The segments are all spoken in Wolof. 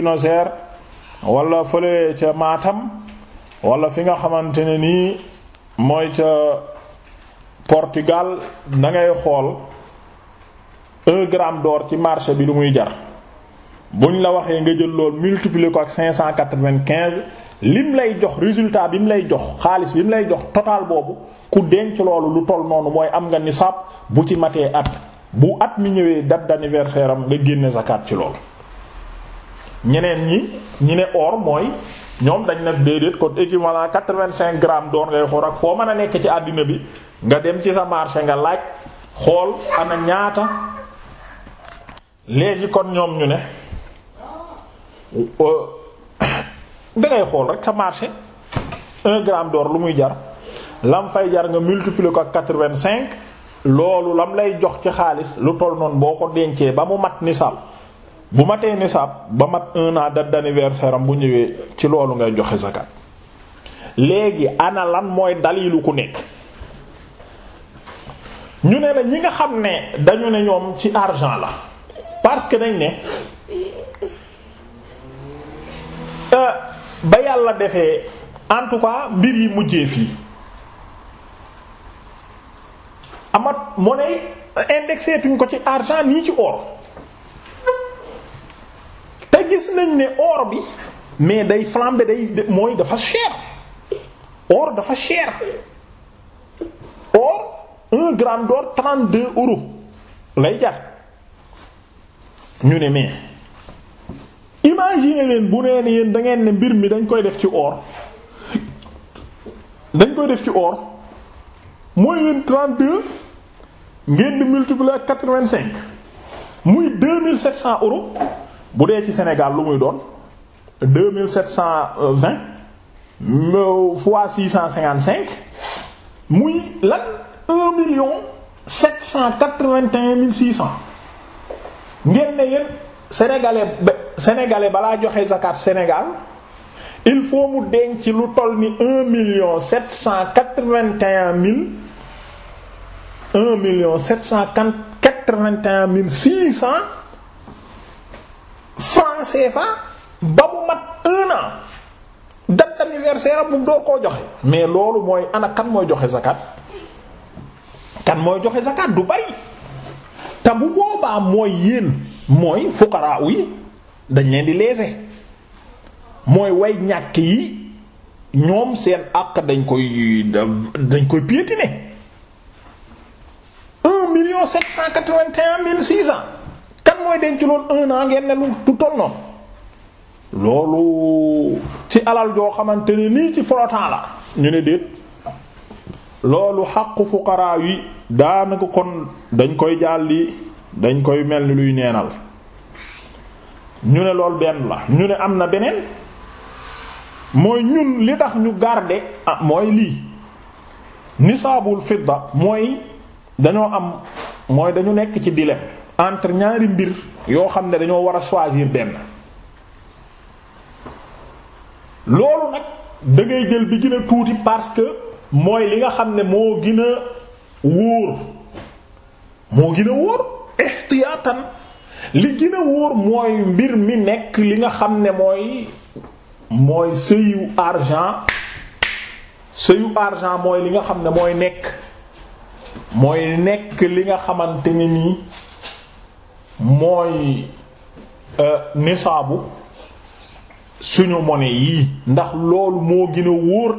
Buenos Aires wala fële ca Matam wala fi nga xamante ne nii mooy ca Portugal da ngay xool un gramme d'or ci marché bi lu muy jar ñu la waxee nga jël lool multiplier ko ak cinq cent quatre vingt lim lay jox résultat bi mu lay jox xaalis bi mu lay jox total boobu ku denc loolu lu toll noonu mooy am nga nisaab bu ci matee at bu at mi ñëwee date d'anniversaire am nga génne zakat ci loolu. ñeneen ñi ñi ne or mooy ñoom dañ nag déedéet kon équivalent quatre-vingt-cinq grammes d'or ngay xool ak foo mën a nekk ci àddina bi nga dem ci sa marché nga laaj xool ana ñaata léegi kon ñoom ñu ne euh, dangay xool rek sa marché un gramme door lu muy jar lam fay jar nga multiplier ko ak quatre-vingt-cinq loolu lam lay jox ci xaalis lu toll noonu boo ko dencee ba mu mat nisaal bu matee nisaab ba mat un an date d'anniversaire bu ñëwee ci loolu ngay joxe zakat léegi ana lan mooy dalilu ku nekk ñu ne la ñi nga xam ne dañu ne ñoom ci argent la parce que dañ ne euh, ba yàlla defee en tout cas mbir yi mujjee fii amat mu ne tuñ ko ci argent nii ci or gis nañ ne or bi mais day flambé day mooy dafa cher or dafa cher or un gramme d'or 32 euros lay jar ñu ne mais imagine leen bu nee ne yéen da ngeen ne mbir mi dañ koy def ci or dañ koy def ci or mooy yéen 32 ngeen di multiplier 85 muy cent euros. bu dee ci Sénégal lu muy doon deux mille sept cent vingt euh, muy lan un million sept cent quatre vingt un mille six cent ngeen ne yéen sénégalais sénégalais balaa joxe zakat Sénégal il faut mu ci lu toll ni un million sept cent quatre vingt un mille un million sept cent quatre vingt un mille six cent franc fa ba mu mat un an date anniversaire bu door koo joxe mais loolu mooy ana kan mooy joxe zakat kan mooy joxe zakat du bari te boobaa mooy yéen mooy fuqaraa yi dañ leen di léser mooy way ñàkk yi ñoom seen àq dañ koy dañ koy piétiner un million sept cent kan mooy denc loolu un noonu loolu ci alal joo xamante ne nii ci frottant la ñu ne déet loolu xaqu fuqaraa yi daanaka kon dañ koy jàlli dañ koy mel ni luy neenal ñu ne loolu benn la ñu ne am na beneen mooy ñun li tax ñu garder ah mooy lii nisaabul fidda mooy dañoo am mooy dañu nekk ci dilemme entre ñaari mbir yoo xam ne dañoo war a choisir benn loolu nag dangay jël bi gën a tuuti parce que mooy li nga xam ne moo gën a wóor moo gën a wóor ihtiyaatan li gën a wóor mooy mbir mi nekk li nga xam ne mooy mooy sëyu argent sëyu argent mooy li nga xam ne mooy nekk mooy nekk li nga xamante ni nii mooy euh, nisaabu suñu monnaie yii ndax loolu moo gën a wóor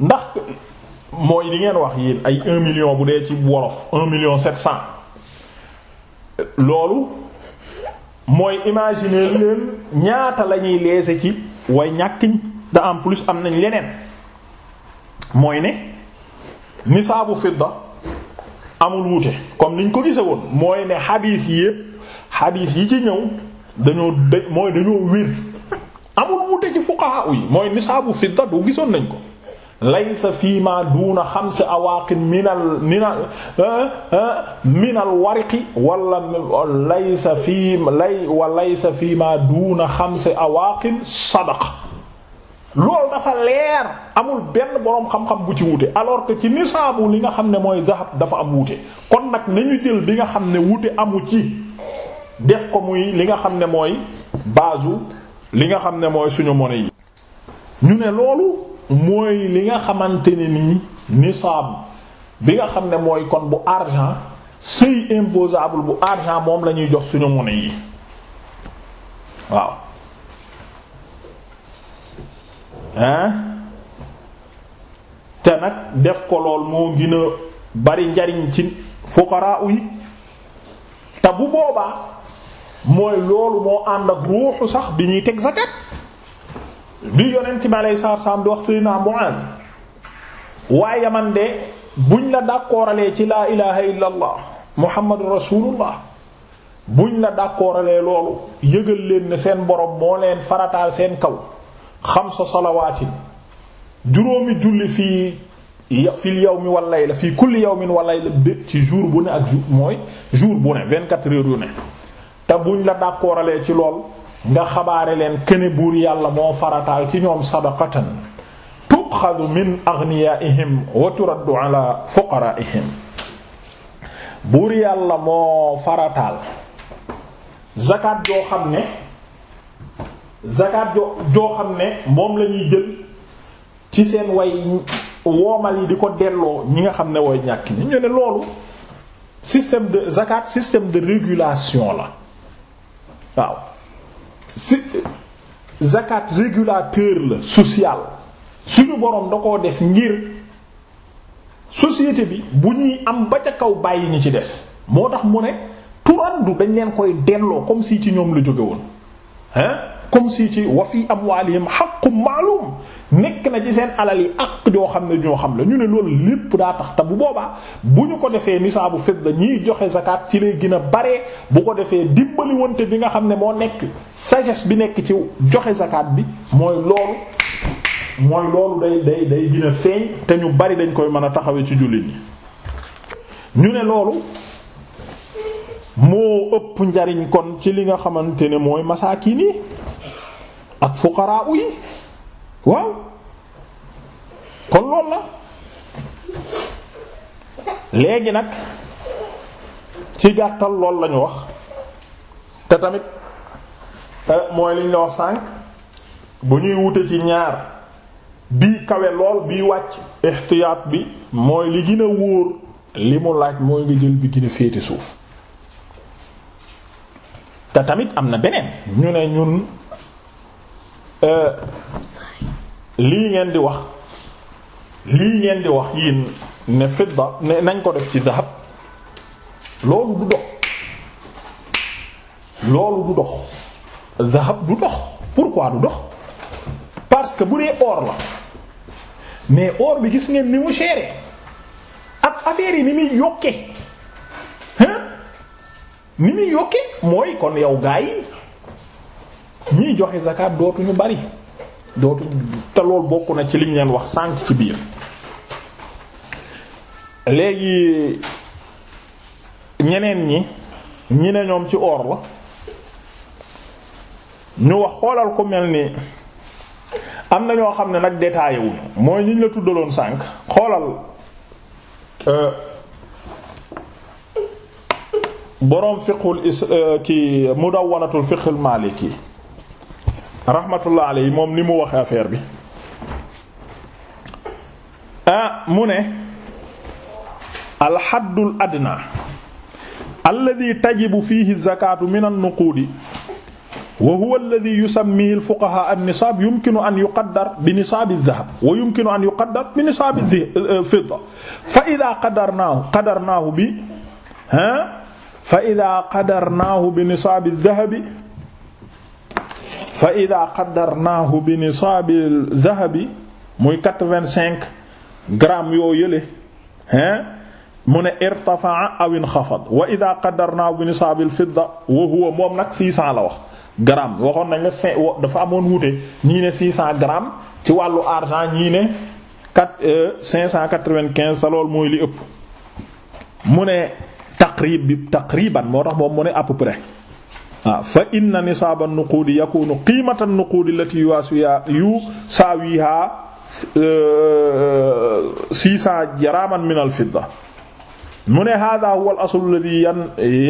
ndax mooy li ngeen wax yéen ay un million bu dee ci wolof un million sept cent loolu mooy imaginer leen ñaata la leese ci way ñàkkiñ de en plus am nañ leneen mooy ne nisaabu fidda amul wuute comme niñ ko gise woon mooy ne xadiis yépp xadiis yi ci ñëw dañoo mooy dañoo wér amul wuute ci fuqaha yi mooy nisaabu fidda du gisoon nañ ko laysa fii ma duuna xamsi awaaqin minal minal ah, ah, minal wariqi wala laysa fii lay wa laysa fii ma duuna xamsi awaaqin sadaqa loolu dafa leer amul benn boroom xam-xam bu ci wute alors que ci nisaabu li nga xam ne mooy zahab dafa am wute kon nag nañu jël bi nga xam ne wute amu ci def ko muy li nga xam ne mooy baasu li nga xam ne mooy suñu monnaie yi. ñu ne loolu mooy li nga xamante ne nii nisaab bi nga xam ne mooy kon bu argent seuil imposable bu argent moom la ñuy jox suñu monnaie yi waaw. te nag def ko lool moo gën bari njariñ ci fuqaraa yi te bu boobaa mooy loolu moo ànd ak ruuxu sax bi ñuy teg zakat bi yonent bi aleyhi salaatu salaam di wax Seydina Muaaz waaye man de buñ la dàkkooralee ci laa ilaha illa allah muhammadu rasulullah buñ la dàkkooralee loolu yëgal leen ne seen borom moo leen farataal seen kaw xamsa salawaatin juróomi julli fii fil yawmi wal layla fii kulli yawmin wal layla bépp ci jour bu ne ak jour mooy jour bu ne 24 heures yu ne te buñ la dàkkooralee ci lool nga xabaare leen këne buur yàlla moo farataal ci ñoom sadaqatan tuxadu min aghniyaihim wa turaddu ala fuqaraihim buur yàlla moo farataal zakat joo xam ne zakat jo joo xam ne moom lañuy jël ci seen way woomal yi di ko delloo ñi nga xam ne way ñàkk ni ñu ne loolu système de zakat système de régulation la waaw si zakat régulateur la social suñu boroom da koo def ngir société bi bu ñuy am ba ca kaw bàyyi ñu ci des moo tax mu ne turandu dañ leen koy delloo comme si ci ñoom la jóge woon hein comme si ci wa fi amwaalihim haqqun ma'lum nekk na ci seen alal yi ak joo xam ne ñoo xam la ñu ne loolu lépp daa tax te bu boobaa bu ñu ko defee nisaabu la ñiy joxe zakat ci lay gina a bu ko defee dimbali wante bi nga xam ne moo nekk sagesse bi nekk ci joxe zakat bi mooy loolu mooy loolu day day day gën feeñ te ñu bari dañ koy mën a taxawee ci jullit ñi ñu ne loolu moo ëpp njariñ kon ci li nga xamante ne mooy masaakin yi ak fuqaraa yi waaw kon loolu la léegi nag ci gàttal lool lañu wax te tamit mooy liñ la wax sànk bu ñuy wute ci ñaar bii kawe lool bii wàcc ixtiyaat bi mooy li gën a wóor li mu laaj mooy nga jël bi gën a féete suuf te tamit am na beneen ñu ne ñun Euh, lii ngeen di wax lii ngeen di wax yéen ne fidda ne nañ ko def ci dahab loolu du dox loolu du dox dahab du dox pourquoi du dox parce que bu dee or la mais or bi gis ngeen ni mu chéré ak affaire yi ni muy yokke hein ni muy yokke mooy kon yow gaa yi ñiy joxe zakat dootuñu bari dootuñu te lool bokk na ci liñ leen wax sànq ci biir léegi ñeneen ñi ñi ne ñoom ci oor la ñu wax xoolal ko mel ni am na ñoo xam ne nag détaillé wuñu mooy ñiñ la tuddaloon sànq xoolal euh, boroom fiqhul is euh, ki mudawwanatul fiqhul yi rahmatullah alayhi moom ni mu waxe affaire bi ah mu ne alxaddul adna alladi tajibu fihi zakatu min alnuquudi wa huwa alladi yusammihi alfuqaha annisaab yumkinu an yuqaddar bi nisaabi aldahab wa yumkinu an yuqaddar bi nisaabi alfidda eh, fa ida qadarnaahu qadarnaahu bi ha fa ida qadarnaahu bi nisaabi aldahabi fa ida qaddarnaahu bi nisaabi dahabi muy quatre-vingt-cinq grammes yoo yële hein mu ne irtafaa aw inxafad wa ida qaddarnaahu bi nisaabi fidda wa huwa moom nag six cents la wax grammes waxoon nañ la cinq dafa amoon wuute ñii ne six ci wàllu argent ñii ne quatre euh, cinq cent quatre sa lool mooy li ëpp mu ne taqrib bi taqriban moo tax moom mu ne à peu près ah fa inna nisaaba nuquudi yakunu qiimata nuquudi lati yuwaasiya yu saawiha eh, six cent jaraman min al fidda mu ne hada huwa al aslu alladhi yan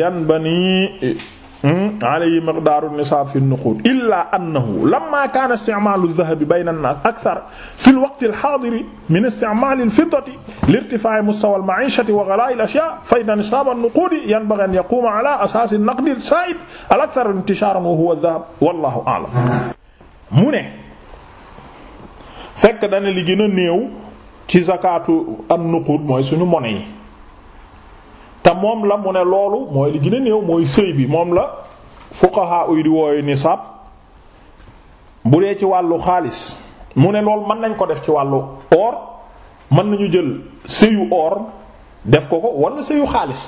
yan bani Hmm? alayhi miqdaaru nisaab fi nuquud illaa annahu lammaa kaana isticmaalu dahabi bayna nnaas akthar fi lwaqti alxaadiri min isticmaali alfiddati lirtifaa'i mustawaa almaciishati wa ghalaa'i alasyaa fa inna nisaaba nnuquudi yanbaghii an yaquuma alaa asaasi naqdi alsaa'id alakthar intishaaran wa huwa dahab wallaahu a'lam. mu ne fekk dana li gën a néew ci zakaatu an nuquud mooy suñu monnaie te moom la mu ne loolu mooy li gën néew mooy sëy bi moom la fuqaha uy di wooyu nisaab bu dee ci wàllu xaalis mu ne loolu mën nañ ko def ci wàllu or mën nañu jël sëyu or def ko ko wala sëyu xaalis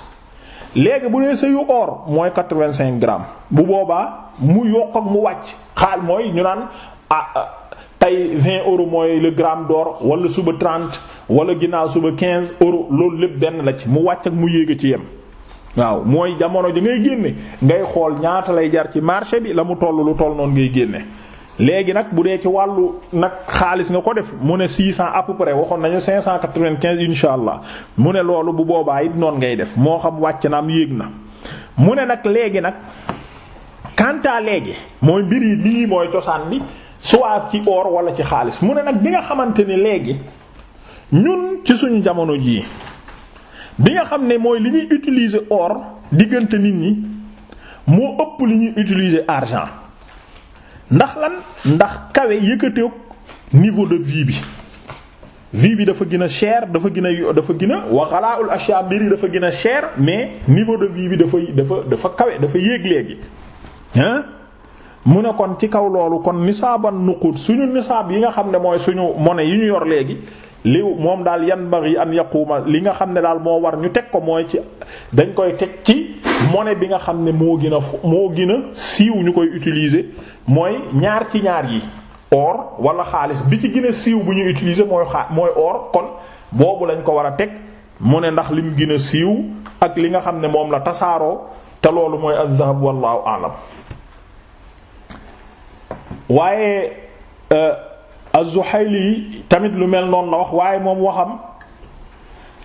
léegi bu dee sëyu or mooy quatre-vingt-cinq grammes bu boobaa mu yokk ak mu wàcc xaal mooy ñu naan a ah, ah, ay 20 euros mooy la gramme door wala suba 30 wala ginnaaw suba 15 euros loolu lépp benn la ci mu wàcc ak mu yéeg ci yem. waaw mooy jamono ji ngay génne ngay xool ñaata lay jar ci marché bi la mu toll lu toll noonu ngay génne. léegi nag bu dee ci wàllu nag xaalis nga ko def mu ne 600 à peu waxoon nañu 595 insha allah mu ne loolu bu boobaa it noonu ngay def moo xam wàcc na am yéeg na mu ne nag léegi nag. quant léegi mooy mbir yi lii mooy cosaan bi. soit ci or wala ci xaalis mu ne nag bi nga xamante ne léegi ñun ci suñu jamono jii bi nga xam ne mooy li ñuy utiliser or diggante nit ñi moo ëpp li ñuy utiliser argent ndax lan ndax kawe yëkkateeg niveau de vie bi vie bi dafa gën a cher dafa gën a dafa gën a waxalaaul achat mbir yi dafa gën a cher mais niveau de vie bi dafay dafa dafa kawe dafa yéeg léegi mu ne kon ci kaw loolu kon nisaaban nuqud suñu nisaab yi nga xam ne mooy suñu monnaie yi ñu yor léegi li moom daal yan bari yi an yaquma li nga xam ne daal moo war ñu teg ko mooy ci dañ koy teg ci mone bi nga xam ne moo gën a moo gën a siiw ñu koy utilise mooy ñaar ci ñaar yi or wala xaalis bi ci gën siiw bu ñu utiliser mooy xaa mooy or kon boobu lañ ko war a teg mu ne ndax lim gën a siiw ak li nga xam ne moom la tasaaroo te loolu mooy az-zahab wallahu a'lam waaye euh, az-Zuhayli tamit lu mel noonu la wax waaye moom waxam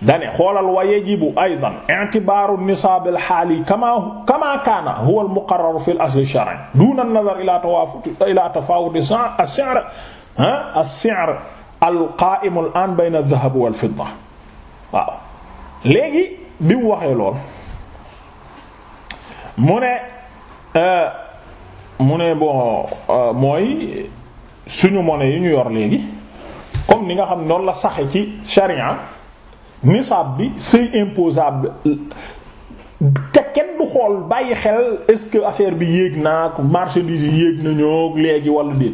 dane xoolal wa yajibu aydan i'tibaaru nisaab al-haali kama kama kaana huwa al-muqarrar fi al-asl ash-shar'i duuna an-nazar ila tawaafut ila tafaawut as-si'r as-si'r al-qaa'im al-aan bayna adh-dhahab wal-fidda waaw léegi bi mu waxee lool mu ne. Euh, mu ne bon euh, mooy suñu monnaie yi ñu yor léegi comme ni nga xam noonu la saxe ci charia nisaab bi c'est imposable te kenn du xool bàyyi xel est-ce que affaire bi yéeg naa marchandise yi yéeg nañoo léegi wala déet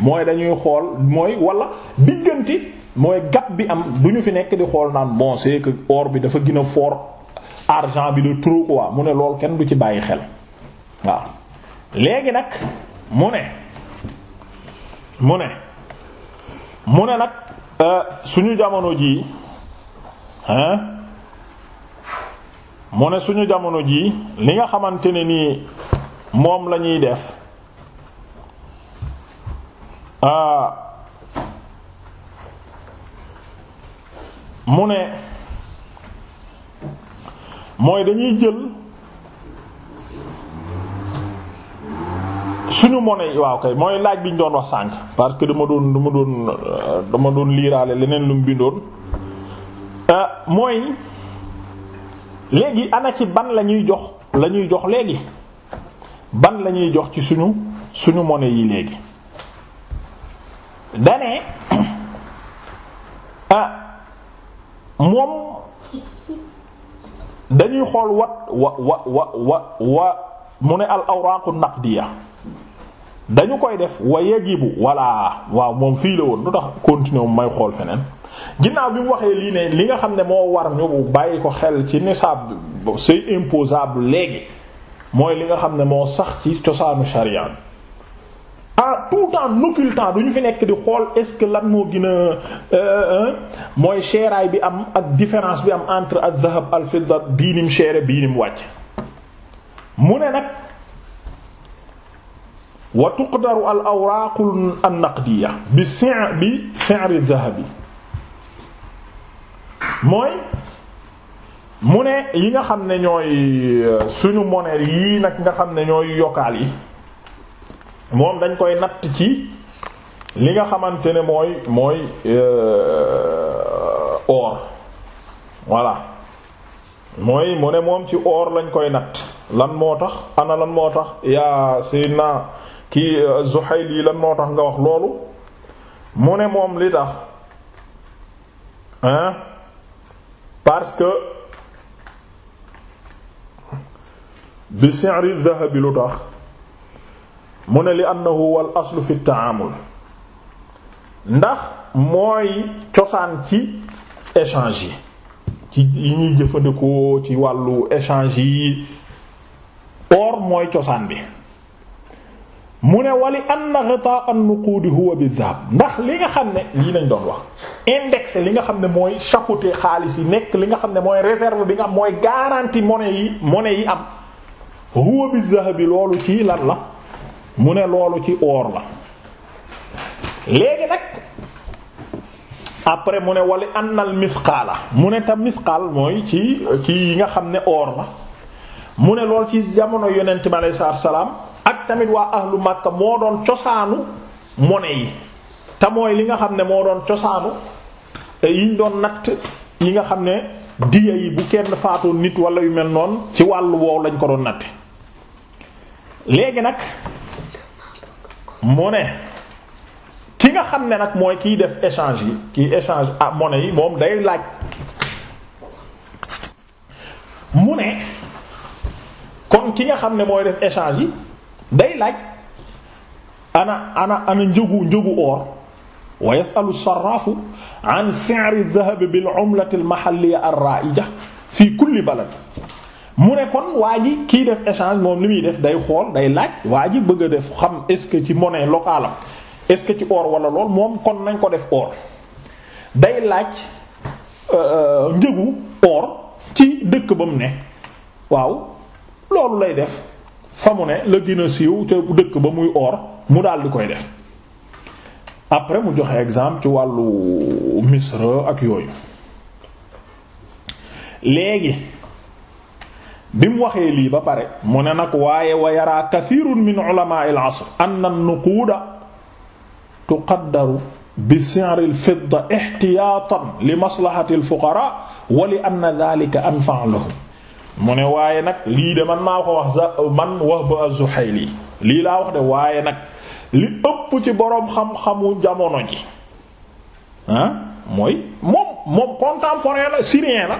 mooy dañuy xool mooy wala diggante mooy gap bi am du ñu fi nekk di xool naan bon c'est que or bi dafa gën a fort argent bi de trop quoi mu ne lool kenn du ci bàyyi xel waaw. léegi nag mu ne mu ne mu ne nag euh, suñu jamono jii hein mu ne suñu jamono jii li nga xamante ne nii moom lañuy def ah mu ne mooy dañuy jël. suñu monnaie waaw kay mooy laaj bi ñu doon wax sànq parce que dama doon dama doon euh, dama doon liiraale leneen lu mu euh, mooy léegi ana ci ban la ñuy jox la ñuy jox léegi ban la ñuy jox ci suñu suñu monnaie yi léegi dane ah moom dañuy xool wa wa wa wa wa wa mu ne al awraqu naqdiya dañu koy def wa yajibu walla waaw moom fii la woon lu tax continuer mu xool feneen ginnaaw bi mu waxee lii ne li nga xam ne moo war ñu bu bàyyi ko xel ci nisaab c'est imposable léegi mooy li nga xam ne moo sax ci cosaanu sharia ah tout en occultant du ñu fi nekk di xool est-ce que lan moo gina a euh, euh, mooy seeraay bi am ak différence bi am entre al-dhahab al-fidda bii nim seere bii nim wàcc mu ne nag wa tuqdaru al awraaqu an naqdiya bi sin bi sinri dahabi mooy mu ne yi nga xam ne ñooy euh, suñu monnaie yii nag nga xam ne ñooy yokkaal yi moom dañ koy natt ci li nga xamante ne mooy mooy euh, or voilà mooy mu ne moom ci oor lañ koy natt lan moo tax ana lan moo tax yaa Seydina kii euh, Zuhayli lan moo tax nga wax loolu mu ne moom li tax hein parce que bi si'ri dhahabi lu tax mu ne li annahu wal aslu fi ta'amul ndax mooy cosaan ci échange yi ci yi ñuy jëfandikoo ci wàllu échange yi or mooy cosaan bi mu ne wali anna ghitaa an-nuqudi huwa bi-dhahab ndax li nga xam ne lii nañ doon wax index li nga xam ne mooy chapeauté xaalis yi nekk li nga xam ne mooy réserve bi nga am mooy garantie monnaie yi monnaie yi am huwa bi loolu ci lan la mu ne loolu ci or la léegi après mu ne wali anna al mu ne ta mooy ci kii yi nga xam ne or la mu ne loolu ci jamono yonent bi alayhi salaam tamit waa ahlu makka moo doon cosaanu monnaie yi te mooy li nga xam ne moo doon cosaanu eh, yiñ doon natt ñi nga xam ne diya yi bu kenn faatoo nit wala yu mel noon ci wàllu woow lañ ko doon natte léegi nag mu ne ki nga xam ne nag mooy kiy def échange yi kiy échange ah mone yi moom day laaj mu ne kon ki nga xam ne mooy def échange yi laaj ana ana ana njëgu njëgu or wa yasalu sarraafu an si'ri dhahabi bil umlati al mahalliya ar ra'ija fii kulli balad mu ne kon waa ji kii def échange moom li muy def day xool day laaj waa ji bëgg a def xam est-ce que ci monnaie locale am ce que ci or wala lool moom kon nañ ko def or day laaj euh, euh, njëgu or ci dëkk ba mu ne waaw loolu lay def fa mu ne la gën a siiw te dëkk ba muy or mu daal di koy def après mu joxe exemple ci wàllu misra ak yooyu léegi bi mu waxee lii ba pare mu ne nag waaye wa yaraa kathirun min ulamaa'il asr anna nuquuda tuqaddaru bi si'ril fidda ihtiyaatan li maslahatil fuqaraa wa li mu ne waaye nag lii de man naa ko wax za man wax ba az-Zuhayli lii laa wax de waaye nag li ëpp ci boroom xam-xamu jamono ji ah, mooy moom moom contemporain la syrien la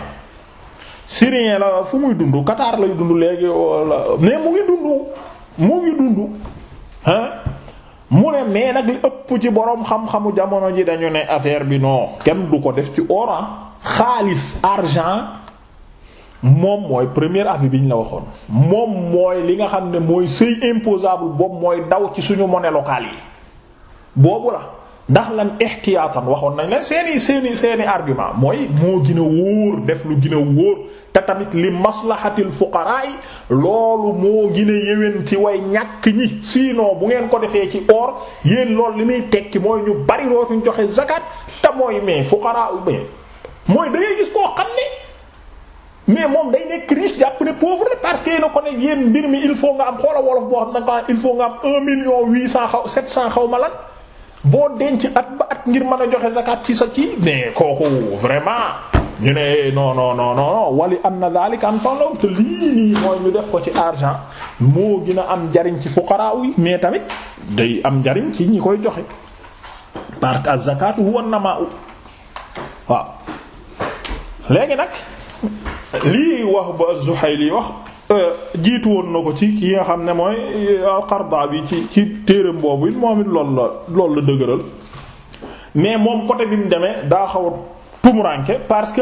syrien la fu muy dund Qatar lay dund léegi mais mu ngi dund mu ngi dund ah. mu ne mais nag li ëpp ci boroom xam-xamu jamono ji dañu ne affaire bi noo kenn du ko def ci oran ah. xaalis argent moom mooy première avis bi ñu la waxoon moom mooy li nga xam ne mooy seuil imposable boobu mooy daw ci suñu monnaie locale yi boobu la ndax lan ihtiyaatan waxoon nañ leen seeni seeni seeni argument mooy moo gën a wóor def lu gën a wóor te tamit li maslahatil fuqaraa yi loolu moo gën a yéwén ci way ñàkk ñi sinon bu ngeen ko defee ci or yéen lool li muy tekki mooy ñu bari dootuñ joxe zakat te mooy mais fuqaraa mais mooy da gis koo xam ne mais moom day nekk riche jàpp ne pauvre parce que na ko ne yéen mbir mi il faut nga am xoola wolof boo xam ne nga il faut am un cent xaw sept cent ma lan boo denc at ba ngir mën a joxe zakat ci sa kii mais kooku vraiment ñu ne non non non non am na daalika am solo mooy ñu def ko ci argent moo am njariñ ci fuqaraaw yi mais tamit day am njariñ ci ñi koy joxe parce que az-zakatu huwa waaw léegi nag. lii wax ba Zuhayli wax euh, jiitu woon na ko ci ki nga xam ne mooy euh, Qardaa bi ci ci téeram boobu it moom it lool la loolu la dëgëral mais moom côté bi mu demee daa xaw a parce que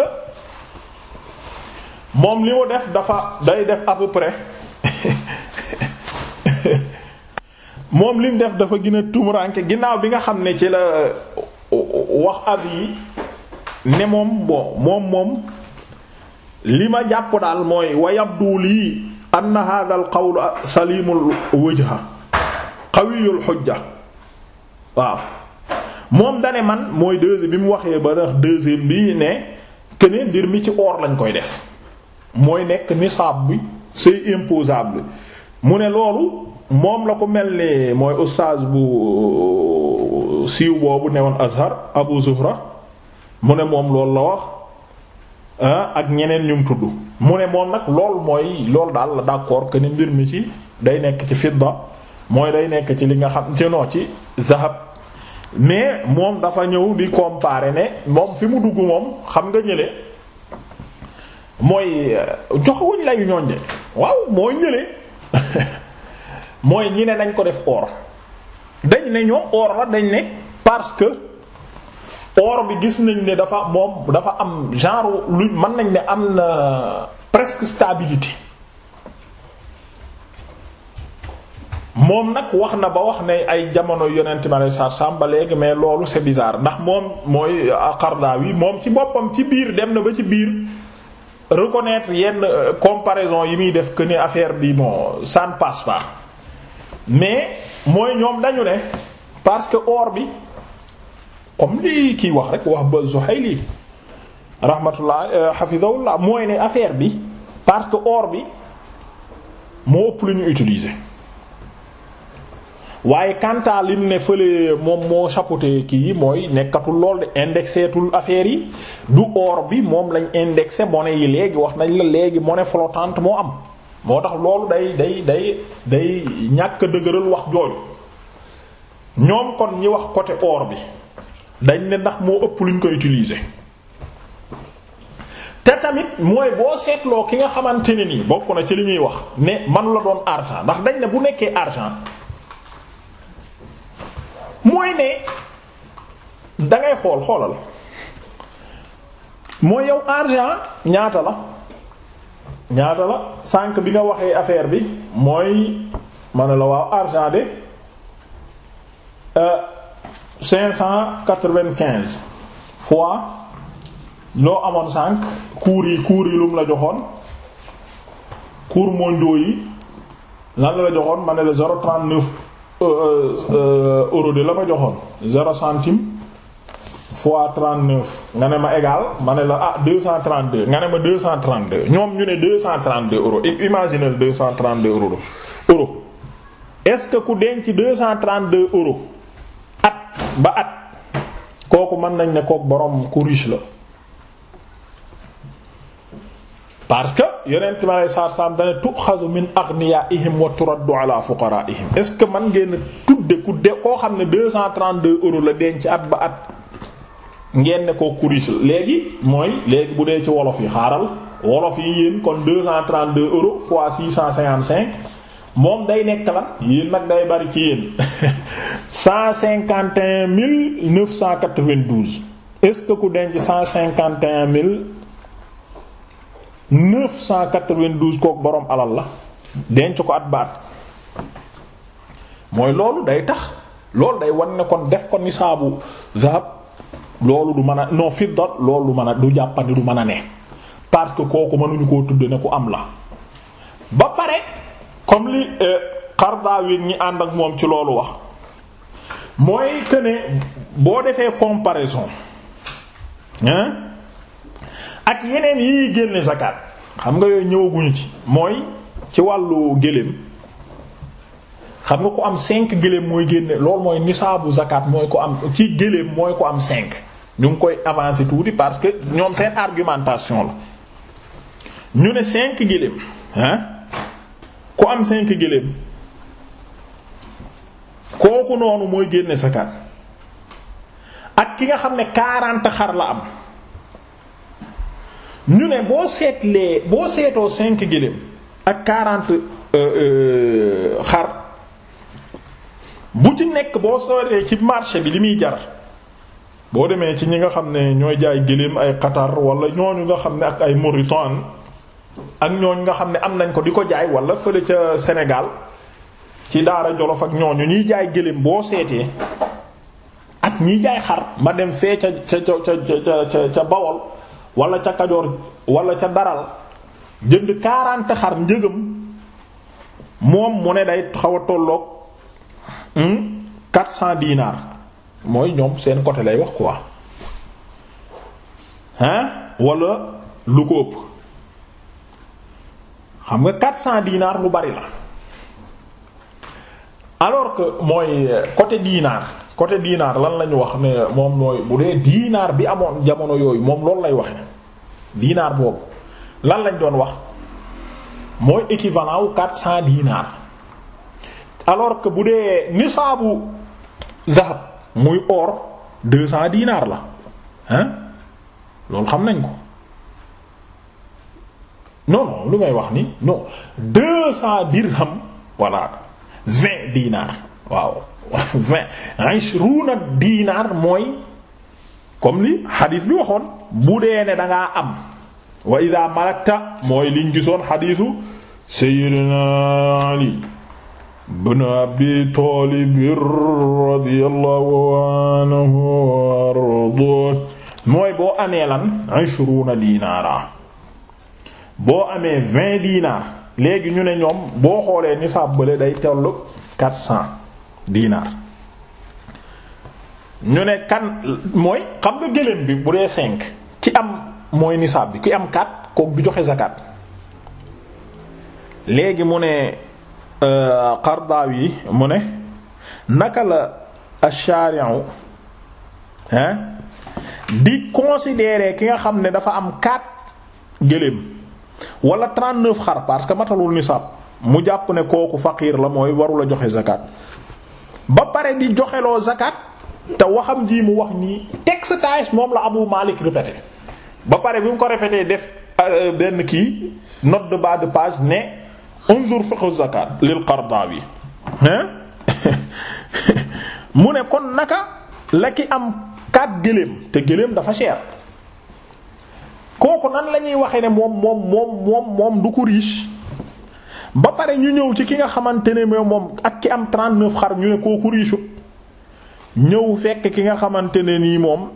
moom li mu def dafa day def à peu moom li mu def dafa gën a ginnaaw bi nga xam ne ci la euh, wax ab yi ne moom bon moom moom li ma jàpp daal mooy wa lii anna hadha al qawl salimul wajha qawiyul hujja waaw moom dane man mooy deuxième bi mu waxee ba ndax deuxième bi ne keneen mbir mi ci or lañ koy def mooy nekk nisaab bi c'est imposable mu ne loolu moom la ko mel ni mooy ustaaz bu euh, siiw boobu newoon Azhar Abu Zuhra mu ne moom loolu la wax Ah, ak ñeneen ñu tudd mu ne moom nag lool mooy loolu daal la d'accord que ni mbir mi ci day nekk ci fidda mooy day nekk ci li nga xam ci noo ci zahab mais moom dafa ñëw di compare ne moom fi mu dugg moom xam nga ñële mooy euh, joxewuñ layu ñooñ de waaw mooy ñële mooy ñi ne nañ ko def or dañ ne ñoom or la dañ ne parce que or bi gis nañ ne dafa moom dafa am genre lu mën nañ ne am na presque stabilité moom nag wax na ba wax ne ay jamono yonent ma lay sarsam ba léegi mais loolu c'est bizarre ndax moom mooy Qardawi moom ci boppam ci biir dem na ba ci biir reconnaître yenn euh, comparaison yi muy def que ne affaire bi moo ça ne mais mooy ñoom dañu ne parce que or bi. comme li kiy wax rek wax ba Zuhayli rahmatullah euh, hafizahullah mooy ne affaire bi parce que or bi moo ëpp lu ñu utiliser waaye kantaa lim ne fële moom moo chapeauté kii yi mooy nekkatul lool de indexeetul affaire yi du or bi moom lañ indexé monnaie yi léegi wax nañ la léegi monnaie flottante moo am moo tax loolu day day day day ñàkk dëgëral wax jooju ñoom kon ñi wax côté or bi dañ ne ndax moo ëpp luñ koy utiliser te tamit mooy boo seetloo ki nga xamante ne nii bokk na ci li ñuy wax ne man la doon argent ndax dañ ne bu nekkee argent mooy ne dangay xool xoolal mooy yow argent ñaata la ñaata la sànq bi nga waxee affaire bi mooy ma la waaw argent de. Euh, cinq cent quatre-vingt-quinze fois loo amoon cinq cours yi cours yi lu la joxoon cours mondiaux yi lan la la joxoon ma ne la zéro trente-neuf euh, euh, euh, euro de la ma joxoon zéro centime fois trent neuf nga ne ma égal ma ne la ah deux cent nga ne ma deux cent ñoom ñu ne deux cent trente-deux euros imaginez deux cent trente-deux euros euro est-ce que ku denc deux cent trente-deux at ba at kooku mën nañ ne kook borom ku riche la parce que yonent mi aleyhi salaatu salaam dana tuxazu min aghniyaihim wa turaddu ala fuqaraihim est ce que man ngeen tudde ku de koo xam ne 232 euros la denc at ba at ngeen ne koo ku riche la léegi mooy léegi bu dee ci wolof yi xaaral wolof yi yéen kon 232 euros fois 655 moom day nekk la yéen nag day bari ci yéen cent cinquante et un mille neuf cent quatre vingt est-ce que ku denc cent cinquante et un mille neuf cent quatre-vingt-douze boroom alal la denc ko at baat mooy loolu day tax loolu day wan ne kon def ko ni saabu zahab loolu du mën a non fidda loolu du mën a du jàppandi du mën a ne parce que kooku mënuñu koo tudd ne ku am la ba pare comme li euh, Qardawi ñi ànd ak moom ci loolu wax mooy que ne boo defee comparaison hein ak yeneen yi génne zakat xam nga yooyu ñëwaguñu ci mooy ci wàllu gëléem xam nga ko am cinq gëléem mooy génne loolu mooy nisaabu zakat mooy ko am ci gëléem mooy ko am cinq ñu ngi koy avancer tuuti parce que ñoom seen argumentation la ñu ne cinq gëléem hein ku am cinq gëléem kooku noonu mooy génne zakat ak ki nga xam ne quarante xar la am ñu ne boo seetlee boo seetoo cinq gëléem ak quarante euh, euh, xar bu ci nekk boo sooree ci marché bi li muy jar boo demee ci ñi nga xam ne ñooy jaay gëléem ay Qatar walla ñooñu nga xam ne ak ay Mauritanie ak ñooñ nga xam ne am nañ ko di ko jaay wala fële ca senegal ci daara Jolof ak ñooñu ñuy jaay gëléem boo seetee ak ñiy jaay xar ma dem fee ca ca ca ca ca Bawol wala ca Kajoor wala ca Daral jënd 40 xar njëgam moom mu ne day xaw a tolloog 400 hmm, dinars mooy ñoom seen côté lay wax ko quoi hein wala lu ko ëpp xam nga 400 dinaar lu bari la alors que mooy euh, côté dinaar côté dinaar lan la ñu wax ne moom mooy bu dee dinaar bi amoon jamono yooyu moom loolu lay waxee dinaar boobu lan lañ doon wax mooy équivalent wu 400 dinaar alors que bu dee nisaabu zahab muy or 200 dinaar la hein loolu xam nañ ko. non non lu may wax ni non deux cent dirham voilà vingt dinar waaw vingt ishruna dinar mooy comme li xadis bi waxoon bu dee ne da ngaa am wa ida malakta mooy liñ gisoon xadisu sayyidina ali ibn abi talib radiyallahu anhu wa arda mooy boo amee lan ishruna dinara boo amee vingt dinaar léegi ñu ne ñoom boo xoolee nisaab bële day tollu quatre cents dinaar ñu ne kan mooy xam nga gëléem bi bu dee cinq ki am mooy nisaab bi ki am quatre kook du joxe sa zakat léegi mu ne xardaaw euh, yi mu ne naka la ashari'u hein di considérer ki nga xam ne dafa am quatre gëléem wala 39 xar parce que matalul nisaab mu jàpp ne kooku fakiir la mooy warul a joxe zakat ba pare di joxeloo zakat te waxam ji mu wax nii textage moom la Abu Malik répété ba pare bi mu ko répété def euh, benn kii not de bas de page ne unzur fiqhu zakat lil Qardawi hein mu ne kon naka la ki am 4 gëléem te gëléem dafa cher kooku nan la ñuy waxee ne moom moom moom moom moom du ko riche ba pare ñu ñëw ci ki nga xamante ne moom ak ki am 39 xar ñu ne kooku riche ñëw fekk ki nga xamante ne nii moom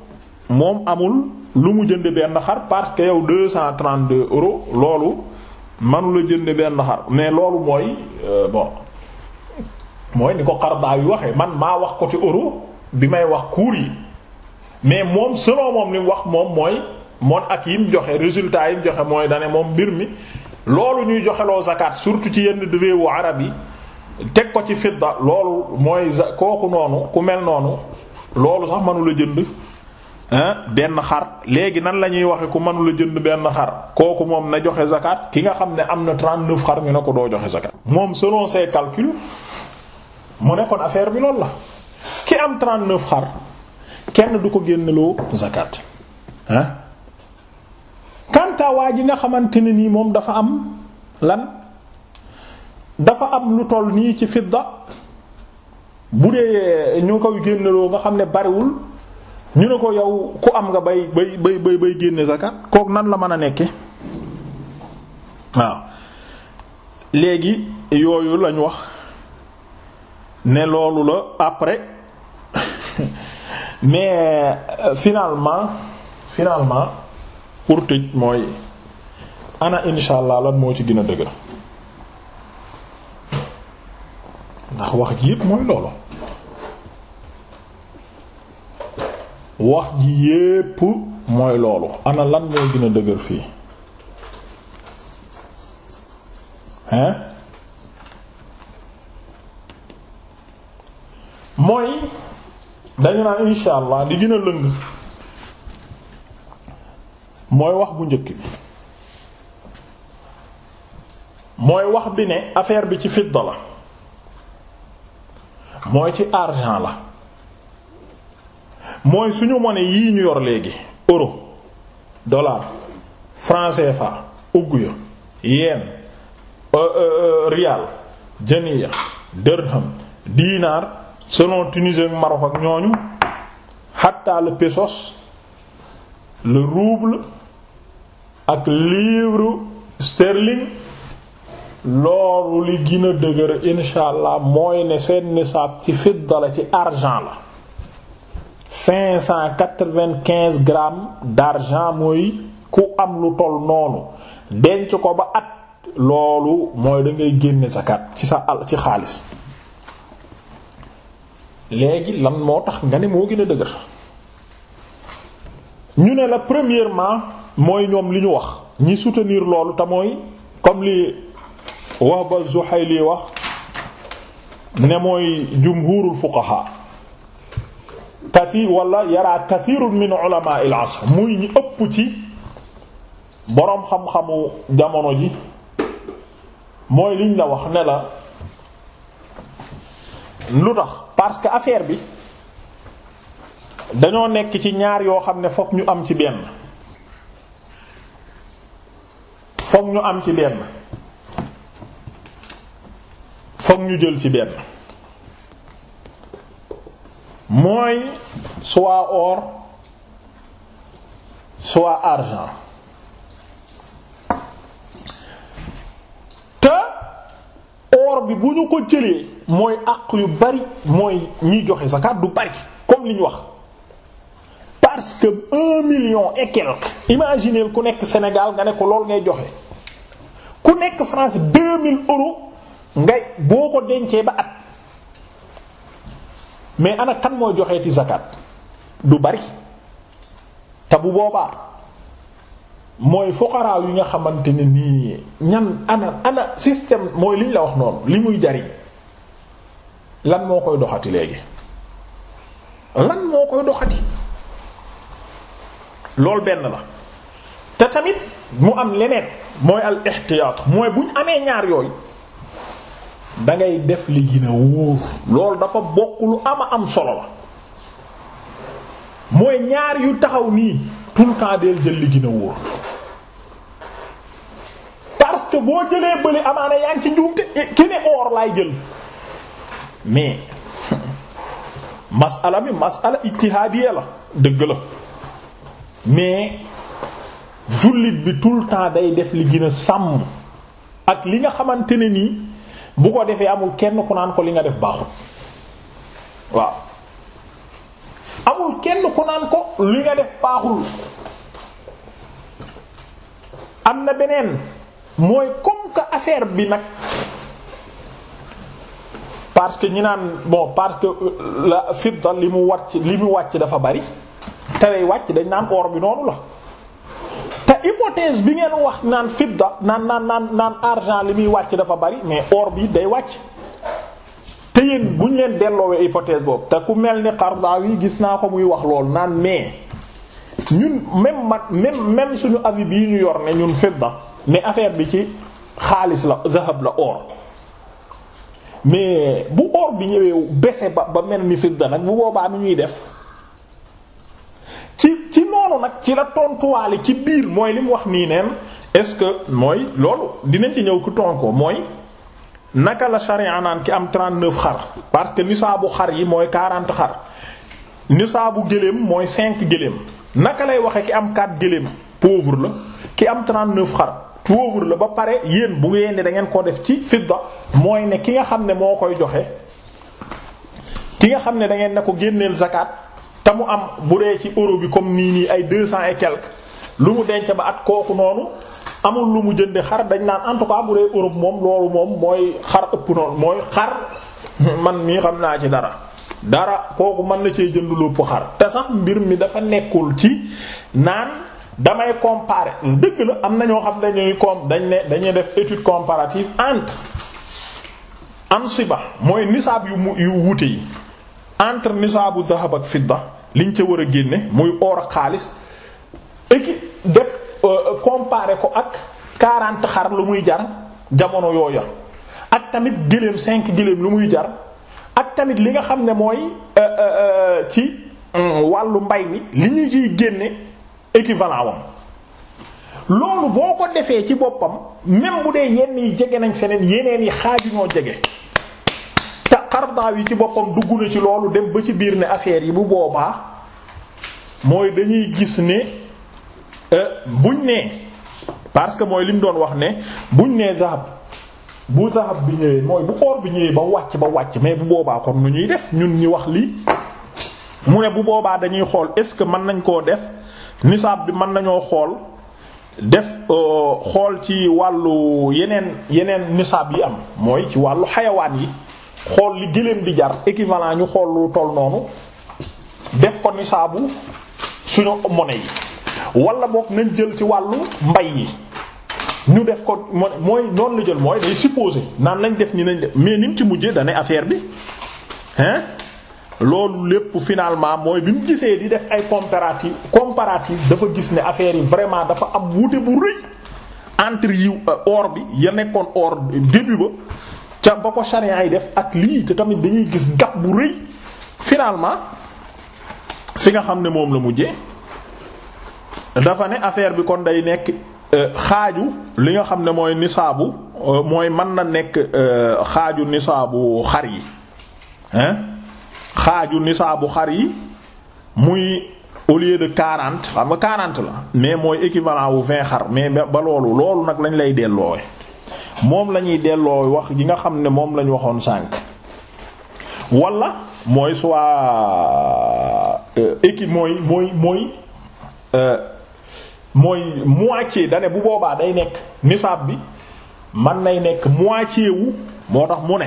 moom amul lu mu jënd benn xar parce que yow 232 euros loolu mënula jënd benn xar mais loolu mooy euh, bon mooy ni ko xardaa yu waxee man maa wax ko ci euro bi may wax kuur yi mais moom selon moom ni wax moom mooy. moon ak yi mu joxe résultat yi joxe mooy dane moom mbir mi loolu ñuy joxeloo zakat surtout ci yenn réewu arab yi teg ko ci fidda loolu mooy kooku noonu ku mel noonu loolu sax mënula jënd benn xar léegi nan la ñuy waxe ku mënula jënd benn xar kooku moom na joxe zakat ki nga xam ne am na 39 xar ñu ne ko doo joxe zakat moom selon ses calculs mu ne kon bi loolu la ki am 39 xar kenn du ko génneloo zakat kanta waa ji nga xamante ne nii moom dafa am lan dafa am lu toll nii ci fidda bu dee ñu koy génneloo nga xam ne bariwul ñu ne ko yow ku am nga bay bay bay bay bay génne zakat kook nan la mën a nekke waaw léegi yooyu lañ wax ne loolu la après mais euh, finalement finalement pour tëj mooy ana insha allah lan moo ci gën a dëgër ndax wax ji yépp mooy loolu wax ji yépp mooy loolu ana lan moo gën dëgër fii hein mooy dañu naan insha li gën lëng mooy wax bu njëkk bi mooy wax bi ne affaire bi ci fidda la mooy ci argent la mooy suñu monnaie yii ñu yor léegi euro dollar franc CFA ouguiya yen euh, euh, euh, rial janiya dirham dinar selon Tunisie ak ak ñooñu hatta pesos le rouble ak livre sterling loolu li gën dëgër incha allah mooy ne seen nisaab ci fidda ci argent la cinq cent vingt quinze grammes d'argent mooy ku am lu toll noonu denc ko ba at loolu mooy da ngay génne zakat ci sa al ci xaalis léegi lan moo tax nga ne moo gën a dëgër ñu ne la premièrement mooy ñoom li ñu wax ñi soutenir loolu te mooy comme li Wahba Zuhayli wax ne mooy jumhurul fuqaha kathir wala yara kathirun min ulama al asr muy ñi ëpp ci boroom xam-xamu jamono ji mooy liñ la wax ne la lu tax parce que affaire bi dañoo nekk ci ñaar yoo xam ne fokk ñu am ci benn fokk ñu am ci benn fokk ñu jël ci benn mooy soit or soit argent te or bi bu ñu ko jëlee mooy àq yu bari mooy ñiy joxe zakat du bari comme li ñu wax parce que un million et quelque imaginez ku nekk Sénégal nga ne ko lool ngay joxe ku nekk France deux mille euros ngay boo ko dencee ba at mais ana kan mooy joxe joxeeti zakat du bari te bu boobaa mooy fuqaraa yi nga xamante ne nii ñan ana ana système mooy liñ la wax noonu li muy jariñ lan moo koy doxati léegi lan moo koy doxati loolu benn la te tamit mu am leneen mooy al ixtiyaatu mooy bu ñu amee ñaar yooyu dangay def li gën wóor loolu dafa bokk lu ama am solo la mooy ñaar yu taxaw nii tout le temps deel jël li gën a wóor parce que boo jëlee bële amaana yaa ngi ci njuumte eh, ki ne or laay jël mais masala mi masala ijtihaadiya la dëgg la mais jullit bi tout le temps day def li gën a sàmm ak li nga xamante ne nii bu ko defee amul kenn ku naan ko li nga def baaxul waaw amul kenn ku naan ko li nga def baaxul am na beneen mooy comme que affaire bi nag parce que ñu naan bon parce que euh, la fidda li mu wàcc li mu wàcc dafa bari terey wàcc dañ naan or bi noonu la te hypothèse bi ngeen wax naan fidda naan naan naan argent li muy wàcc dafa bari mais or bii day wàcc te yéen bu ñu leen delloowee hypothèse boobu te ku mel ni yi gis naa ko muy wax loolu naan mais ñun même man même même suñu avis bii ñu yor ne ñun fidda mais affaire bi ci xaalis la zahab la or mais bu or bi ñëwee bese ba ba mel ni fidda nag bu boobaa nu ñuy def. ci ci noonu nag ci la tontuwaale ci biir mooy li wax nii neen est-ce que mooy loolu dina ci ñëw ku tonkoo mooy naka la sharia naan ki am 39 xar parce que nisaabu xar yi mooy 40 xar nisaabu gëléem mooy 5 gëléem naka lay waxe ki am 4 gëléem pauvre la ki am 39 xar pauvre la ba pare yéen bu ngeen ne da ngeen ko def ci fidda mooy ne ki nga xam ne moo koy joxe ki nga xam ne da ngeen ne ko génneel zakat te mu am bu dee ci euro bi comme nii nii ay deux cent et quelques lu mu denc ba at kooku noonu amul lu mu jënde xar dañ naan en tout cas bu dee Europe moom loolu moom mooy xar ëpp noonu mooy xar man mii xam naa ci dara dara kooku mën na cee jënd lu ëpp xar te sax mbir mi dafa nekkul ci naan damay comparer dëgg la am na ñoo xam dañuy com dañ ne dañuy def étude comparative entre ansiba mooy nisaab yu mu yu wuute yi entre nisaabu dahab ak fidda liñ ca war a génne muy or ak xaalis équi def euh, comparer ko ak 40 xar lu muy jar jamono yooya ak tamit gëléem 5 gëléem lu muy jar ak tamit li nga xam ne mooy euh, euh, ci mm, wàllu mbay mi li ñu ciy génne équivalent wam loolu boo ko defee ci boppam même bu dee yenn yi jege nañ feneen yeneen yi xaaju ñoo jege te xardaaw yi ci boppam dugg na ci loolu dem ba ci biir ne affaire yi bu boobaa mooy dañuy gis ne euh, buñ ne parce que mooy li doon wax ne buñ nee zahab bu zahab bi ñëwee mooy bu or bi ñëwee ba wàcc ba wàcc mais bu boobaa kon nu ñuy def ñun ñi wax lii mu ne bu boobaa dañuy xool est-ce que mën nañ koo def nisaab bi mën nañoo xool def euh, xool ci wàllu yeneen yeneen nisaab yi am mooy ci wàllu xayawaan yi xool li gëléem di jar équivalent ñu xool lu toll noonu def ko nisaabu suñu monnaie yi wala boog nañ jël ci wàllu mbay yi ñu def ko mooy noonu la jël mooy day supposé naan nañ def ni nañ def mais ni ci mujje dane affaire bi hein loolu lépp finalement mooy bi mu gisee di def ay comparatif comparatif dafa gis ne affaire yi vraiment dafa am wuute bu rëy entre yi euh, or bi ya nekkoon or début ba ca ba ko charia yi def ak lii te tamit dañuy gis gap bu rëy finalement fi nga xam ne moom la mujjee dafa ne affaire bi kon day nekk euh, xaaju li nga xam ne mooy nisaabu euh, mooy man na nekk euh, xaaju nisaabu xar yi hein xaaju nisaabu xar yi muy au lieu de quarante xam nga quarante la mais mooy équivalent wu vingt xar mais ba loolu loolu nag lañ lay delloowe moom lañuy delloo wax ji nga xam ne moom lañu waxoon sànq wala mooy soit euh, équipe mooy mooy mooy euh, mooy moitié dane bu boobaa day nekk nisaab bi man nay nekk moitié wu moo tax mu ne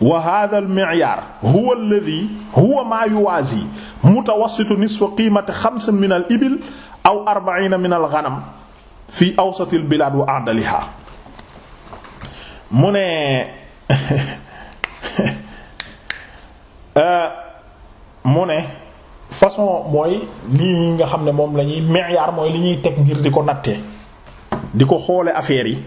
wa hadha al mi'yar huwa alladhi huwa ma yuwazi mutawassitu nisfa qiimati xamsin min al ibil aw arba'ina min al ghanam fi awsat al bilad wa a'daliha mu ne euh, mu ne façon mooy li nga xam ne moom la ñuy meeyaar mooy li ñuy teg ngir di ko nattee di ko xoole affaire yi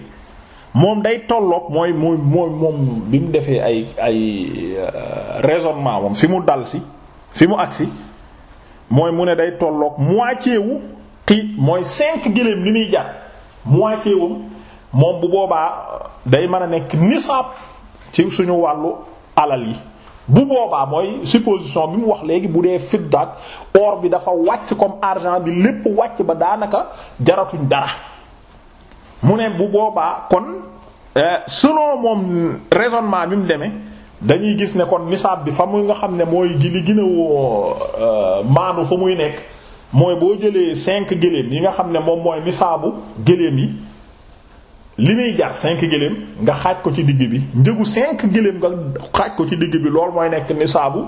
moom day tollook mooy mooy moom bi mu defee ay ay euh, raisonnement moom fi mu dal si fi mu agsi mooy mu ne day tollook moitié wu xii mooy cinq gëléem li muy jar moitié wam moom bu boobaa day mën a nekk nisaab ci suñu wàllu alal yi bu boobaa mooy supposition bi mu wax léegi bu dee fiddaat or bi dafa wàcc comme argent bi lépp wàcc ba daanaka jaratuñ dara mu ne bu boobaa kon euh, selon moom raisonnement bi mu demee dañuy gis ne kon nisaab bi fa muy nga xam ne mooy gi li gën a euh, maanu fa muy nekk mooy boo jëlee cinq gëléem yi nga xam ne moom mooy nisaabu gëléem yi li muy jar cinq gëléem nga xaaj ko ci digg bi njëgu cinq gëléem nga xaaj ko ci digg bi loolu mooy nekk nisaabu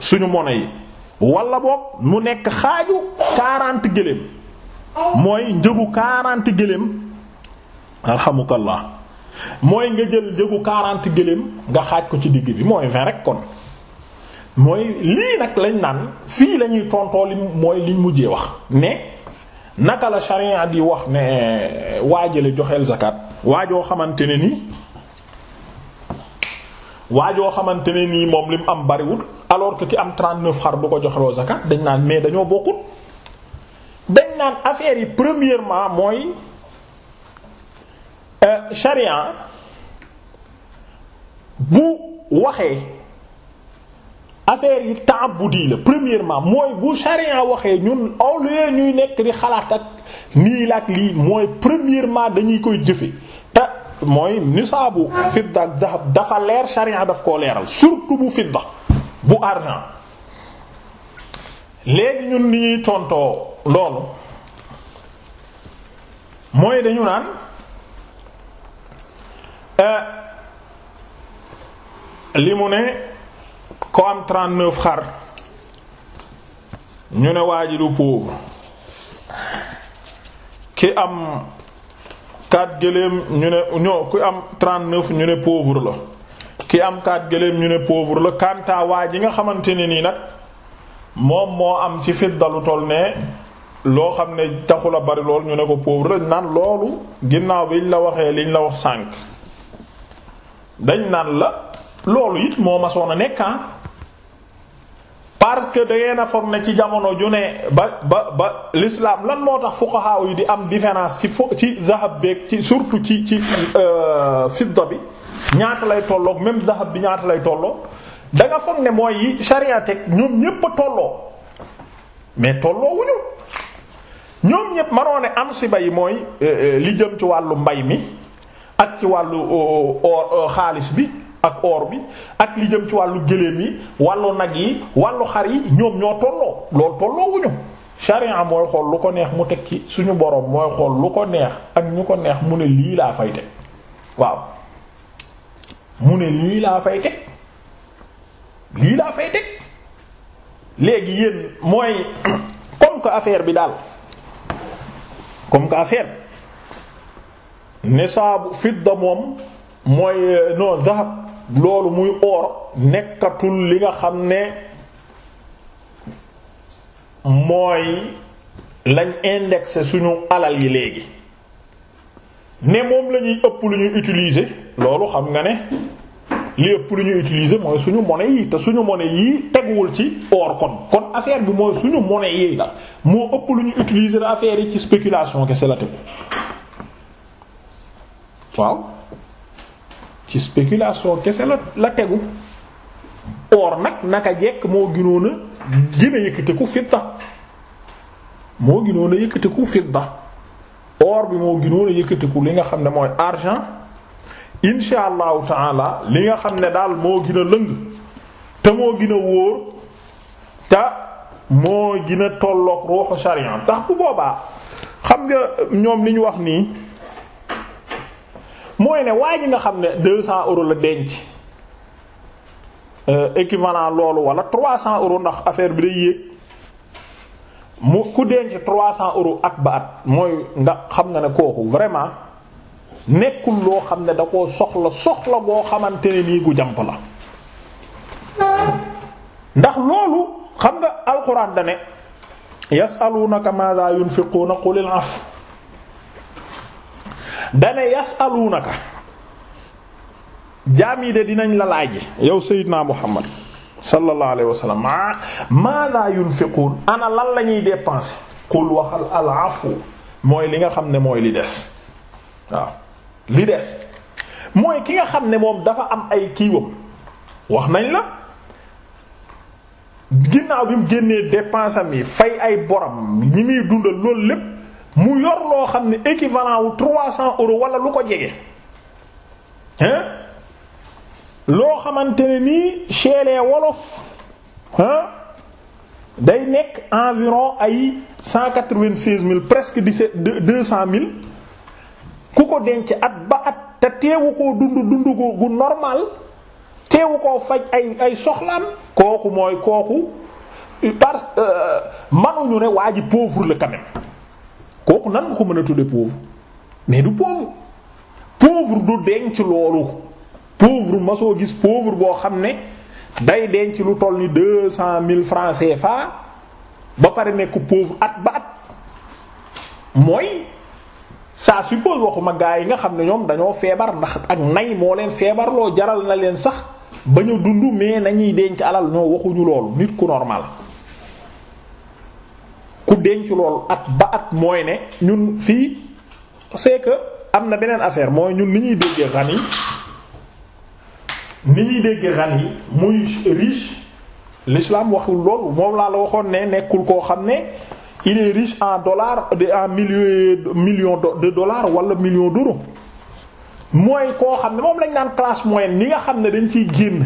suñu mone yi wala boog mu nekk xaaju quarante gëléem mooy njëgu quarante gëléem alxamukallah mooy nga jël njëgu quarante gëléem nga xaaj ko ci digg bi mooy vingt rek kon mooy lii nag lañ naan fii lañuy tontoo li mooy liñ mujjee wax mais naka la sharia di wax ne eh, waajale joxeel zakat waajoo xamante ne nii waajoo xamante ne nii moom li am bariwul alors que ki am 39 xar bu ko joxeloo zakat dañ naan mais dañoo bokkul dañ naan affaire yi premièrement mooy eh, sharia bu waxee affaire yi ta'abbudi la premièrement mooy bu charia waxee ñun au lieu ñuy nekk di xalaat ak nii la ak lii mooy premièrement dañuy koy jëfe te mooy nisaabu fidda ak dahab dafa leer charia daf koo leeral surtout bu fidda bu argent léegi ñun ni tontoo loolu mooy dañu naan euh, li mu ne ko am 39 xar ñu ne waa ji du pauvre ki am 4 gëléem ñu ne ñoo ku am 39 ñu ne pauvre la ki am 4 gëléem ñu ne pauvre la kanta waa ji nga xamante ne nii nag moom moo am ci fiddalu toll ne loo xam ne taxu la bari lool ñu ne ko pauvre dañ naan loolu ginnaaw biñ la waxee liñ la wax sànq dañ naan la loolu it moo ma soon a nekk ah parce que da foog ne ci jamono ju ne ba ba ba lislaam lan moo tax fuqaha yi di am différence ci fo ci zahab beeg ci surtout ci ci euh, fidda bi ñaata lay tollook même zahab bi ñaata lay tolloo da nga foog ne mooy yi sharia ñoom ñépp a tolloo mais tolloo wuñu ñoom ñépp mënoo am si bay mooy euh, euh, li jëm ci wàllu mbay mi ak ci wàllu xaalis bi. ak or bi ak li jëm ci wàllu gëléem yi wàllu nag yi wàllu xar yi ñoom ñoo tolloo loolu tolloowuñu sharia mooy xool lu ko neex mu teg ci suñu borom mooy xool lu ko neex ak ñu ko neex mu ne lii laa fay teg waaw mu ne lii laa fay teg lii laa fay teg léegi yéen mooy comme que affaire bi daal comme que affaire bi nisaabu fidda moom mooy euh, non zahab loolu muy oor nekkatul li nga xam ne mooy lañ indexé suñu alal yi léegi ne moom la ñuy ëpp lu ñuy utiliser loolu xam nga ne li ëpp lu ñuy utiliser mooy suñu monnaie yi te suñu monnaie yi teguwul ci or kon kon affaire bi mooy suñu monnaie yi la moo ëpp lu ñu utiliser affaire yi ci spéculation kese la tegu waaw. ci spéculation kese la la tegu or nag naka jekk moo ginoon a gën a yëkkatiku fidda moo ginoon a yëkkatiku fidda or bi moo ginoon a yëkkatiku li nga xam ne mooy argent insha allahu taala li nga xam ne daal moo gën a lëng te moo gën a wóor te moo gina a tolloog ruuxu sharia tax bu boobaa xam nga ñoom li ñu wax nii mooy ne waa ji nga xam ne deux cent euro la denc euh, équivalent loolu wala trois cent euros ndax affaire bi day yéeg mu ku denc trois cent euro at ba at mooy nga xam nga ne kooku vraiment nekkul loo xam ne da koo soxla soxla boo xamante ne nii gu jàmp la ndax loolu xam nga alxuraan da ne yasalunaka madha yunfiquna qulil af dane yasaluunaka jaam yi de dinañ la laaj yow Seydina Muhammad sallallahu alayhi wa sallam ma ah, maada yunfiquun ana lan la ñuy dépenser qul waxal al afu mooy li nga xam ne mooy li des waaw li des mooy ki nga xam ne moom dafa am ay kiiwam wax nañ la ginnaaw bi mu génnee dépensam yi fay ay boram ñi muy dundal loolu lépp mu yor loo xam ne équivalent wu trois cents euro wala lu ko jege loo xamante ne nii chez wolof hein day nekk environ ay cent quatre-vingt-seize mille presque dix-sept deux cent mille ku ko denc at ba at te teewu koo dund dund ko gu normal teewu koo faj ay ay soxlaam kooku mooy kooku parce que euh, manuñu ne waa ji pauvre la quand kooku nan nga ko mën a tudde pauvre mais du pauvre pauvre du denc loolu pauvre masoo gis pauvre boo xam ne day denc lu toll ni deux cent mille francs CFA ba pare nekk pauvre at ba at mooy ça suppose waxuma gaa yi nga xam ne ñoom dañoo feebar ndax ak nay moo leen feebar loo jaral na leen sax ba ñu dund mais nañuy denc alal ñoo waxuñu loolu nit ku normal ku denc lool at ba at mooy ne ñun fii parce que am na beneen affaire mooy ñun ni ñuy déggee ran yi ni ñuy déggee ran muy riche l'islam waxul loolu moom laa la waxoon ne nekkul koo xam ne il est riche en dollars en millions million de dollars wala millions d'euros mooy koo xam ne moom lañ daan classe moyenne ñi nga xam ne dañ ciy génn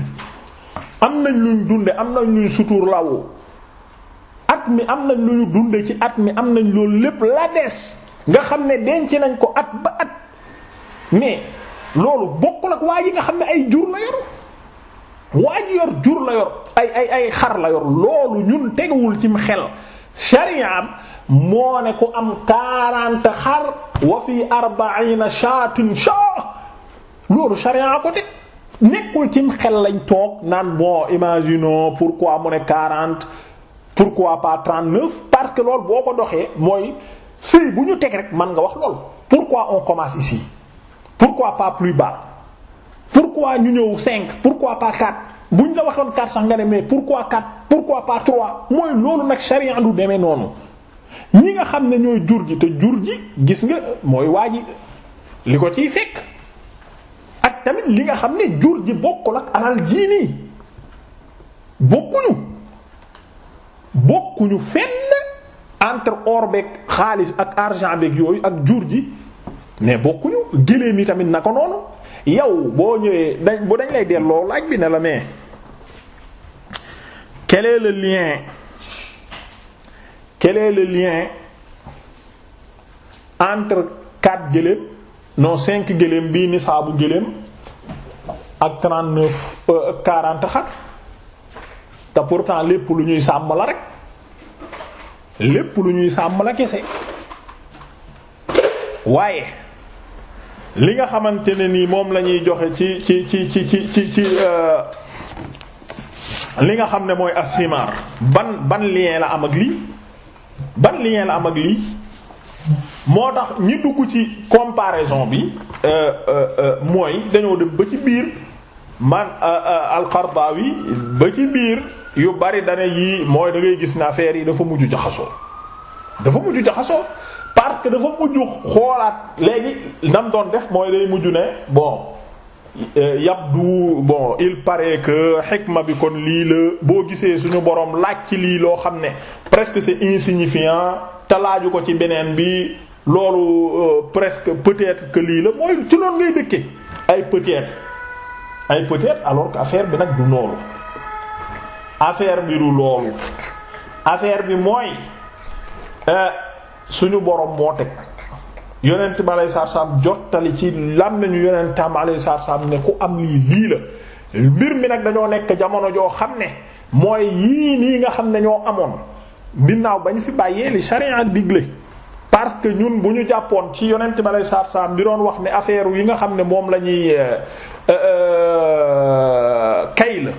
am nañ luñ dunde am nañ luñ sutur lawoo mi am nañ lu ñu dunde ci at mi am nañ loolu lépp la des nga xam ne denc nañ ko at ba at mais loolu bokk ak waa yi nga xam ne ay jur la yor waa yor jur la yor ay ay xar la yor loolu ñun teguwul cim xel shariam moo ne ku am quarante xar wa fi arbaina shaatin shaa loolu sharia ko teg nekkul cim xel lañ toog naan bon imaginons pourquoi mu ne quarante pourquoi pas 39 parce que loolu boo ko doxee mooy sëy bu ñu teg rek man nga wax loolu pourquoi on commence ici pourquoi pas plus bas pourquoi ñu ñëw 5 pourquoi pas 4 bu ñu la waxoon 4 sax nga ne mais pourquoi 4 pourquoi pas 3 mooy loolu nag charia du demee noonu ñi nga xam ne ñooy jur ji te jur ji gis nga mooy waa ji li ko ciy fekk ak tamit li nga xam ne jur ji bokkul ak alal jii bokkuñu. bokkuñu fenn entre or beeg xaalis ak argent beeg yooyu ak jur ji mais bokkuñu géléem yi tamit naka noonu yow boo ñëwee dañ bu dañ lay delloo laaj bi ne la mais quel lien quel le lien entre quatre géléem non cinq géléem bii nisaabu géléem ak trente-neuf euh, quarante xar te pourtant lépp lu ñuy sàmm la rek lépp lu ñuy sàmm la kese waaye li nga xamante ne nii moom lañuy joxe ci ci ci ci ci ci ci euh, li nga xam ne mooy asimaar ban ban lien la am ak lii ban lien la am ak lii moo tax ñi dugg ci comparaison bi euh, euh, mooy dañoo dem ba ci biir man al ba ci biir. yu bari dane yii mooy da ngay gis ne affaire yi dafa mujj jaxasoo dafa mujj jaxasoo parce que dafa mujj xoolaat léegi nam doon def mooy day mujju ne bon eh, yabdu bon il paraît que xikma bi kon lii la boo gisee suñu borom laaj ci lii loo xam ne presque c'est insignifiant te laaju ko ci beneen bi loolu euh, presque peut-être lii la mooy ci loon ngay dëkkee ay peut-être ay peut-être alors que affaire bi nag du noolu affaire mbiru du loolu affaire bi mooy euh, suñu borom moo teg yonent bi alayhi salaatu jottali ci lam nañu yonentam alayhi salaatu salaam ne ku am lii lii la mbir mi nag dañoo nekk jamono joo xam ne mooy yii nii nga xam ne ñoo amoon ginnaaw ba ñu fi bàyyee li sharia digle parce que ñun bu ñu jàppoon ci yonent bi alayhi salaatu salaam doon wax ne affaire yi nga xam ne moom la ñuy euh, euh, kay la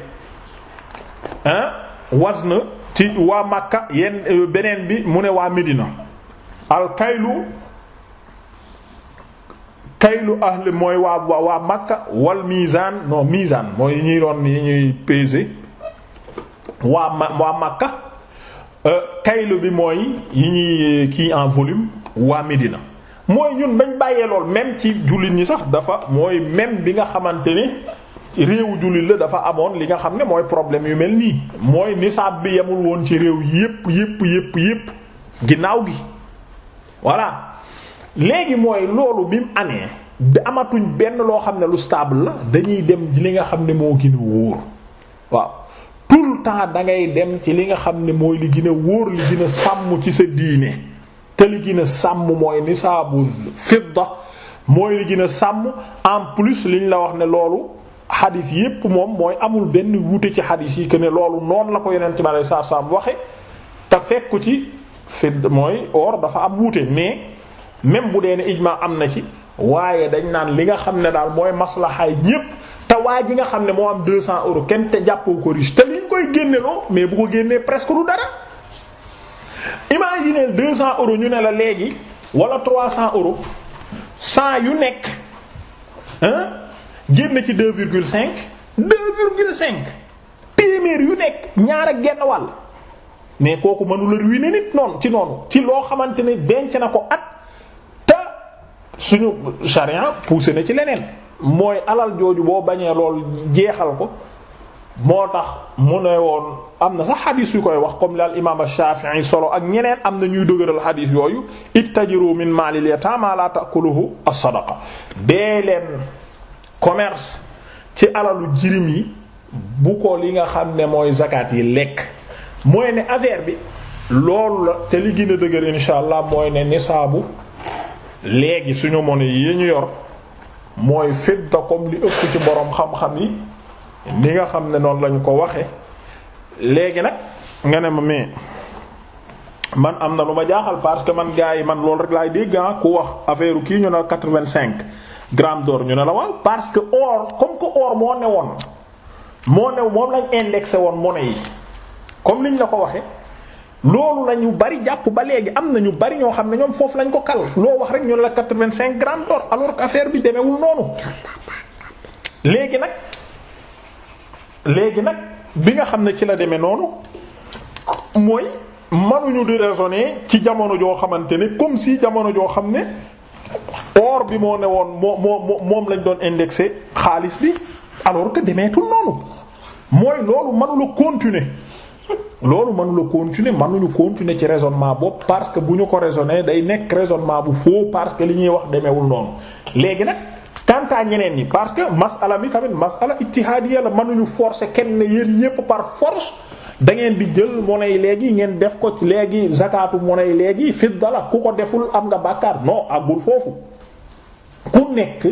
ah wazn ci waa Makka yenn euh, beneen bi mu ne waa Medina al kaylu kaylu ahl mooy waa waa Makka wal mizan non mizan mooy yi ñuy doon yi ñuy peser waa ma waa Makka euh, kaylu bi mooy yi ñuy euh, kii en volume waa Medina mooy ñun bañ bàyyee lool même ci jullit ñi sax dafa mooy même bi nga xamante ni. réewu jullit la dafa amoon li nga xam ne mooy problème yu mel nii mooy nisaab bi yemul woon ci réew yépp yépp yépp yépp ginnaaw gi voilà léegi mooy loolu bi mu amee da amatuñ benn loo xam ne lu stable la dañuy dem li nga xam ne moo gën wóor waaw tout le temps da ngay dem ci li nga xam ne mooy li gën a wóor li gën sàmm ci sa diine te li gën sàmm mooy nisaabu fidda mooy li gën a sàmm en plus liñ la wax ne loolu xadis yépp moom mooy amul benn wuute ci xadis yi que ne loolu noonu la ko yeneen ci ma saa saam waxe te fekku ci fi mooy or dafa am wuute mais même bu dee ne ijma am na ci waaye dañ naan li nga xam ne daal mooy maslahaay ñépp te waa ji nga xam ne moo am 200 euros kenn te jàppoo ko riche te liñ koy génneloo mais bu ko génnee presque du dara imaginez 200 euros ñu ne la léegi wala 300 euro 100 yu nekk génn ci deux virgule cinq deux virgule cinq téeméer yu nekk ñaar ak genn wàll mais kooku mënula ruiner nit noonu ci noonu ci loo xamante ne denc na ko at te suñu charia poussé na ci leneen mooy alal jooju boo bañee lool jeexal ko moo tax mu ne woon am na sax xadis yu koy wax comme li al imam Shafi'i solo ak ñeneen am na ñuy dëgëral xadis yooyu ittajiru min maalil yataama la ta'kuluhu as-sadaqa dee leen commerce ci alalu jirim yi bu ko li nga xam ne mooy zakat yi lekk mooy ne affaire bi loolu la te li gën a dëgër insha allah mooy ne nisaabu léegi suñu monnaie yi ñu yor mooy fidda comme li ëpp ci borom xam-xam yi ni nga xam ne noonu lañu ko waxe léegi nag nga ne ma mais man am na lu ma jaaxal parce que man gars yi man loolu rek laay dégg ah ku wax affaire kii ñu ne quatre-vingt-cinq gramme d'or ñu ne la waaw parce que or comme que or moo ne woon moo new moom lañ indexé woon monnaie yi comme niñ la ko waxee loolu la ñu bari jàpp ba léegi am na ñu bari ñoo xam ne ñoom foofu lañ ko kal loo wax rek ñu ne la quatre-vingt-cinq grammes d'or alors que affaire bi demewul noonu léegi nag léegi nag bi nga xam ne ci la demee noonu mooy manuñu di raisonner ci jamono joo xamante ne comme si jamono joo xam ne or bi moo ne woon moo moo moom lañ doon indexé xaalis bi alors que demeetul noonu mooy loolu mënula continuer loolu mënula continuer mënuñu continuer ci raisonnement bopp parce que bu ñu ko raisonner day nekk raisonnement bu faux parce que li ñuy wax demeewul noonu léegi nag tant ñeneen ñi parce que masala mi tamit masala ijtihaadiya la mënuñu forcer kenn ne yéen ñépp par force da ngeen di jël monnaie léegi ngeen def ko ci léegi zakatu monnaie léegi fidda la ku ko deful am nga bàkkaar non àggul foofu ku nekk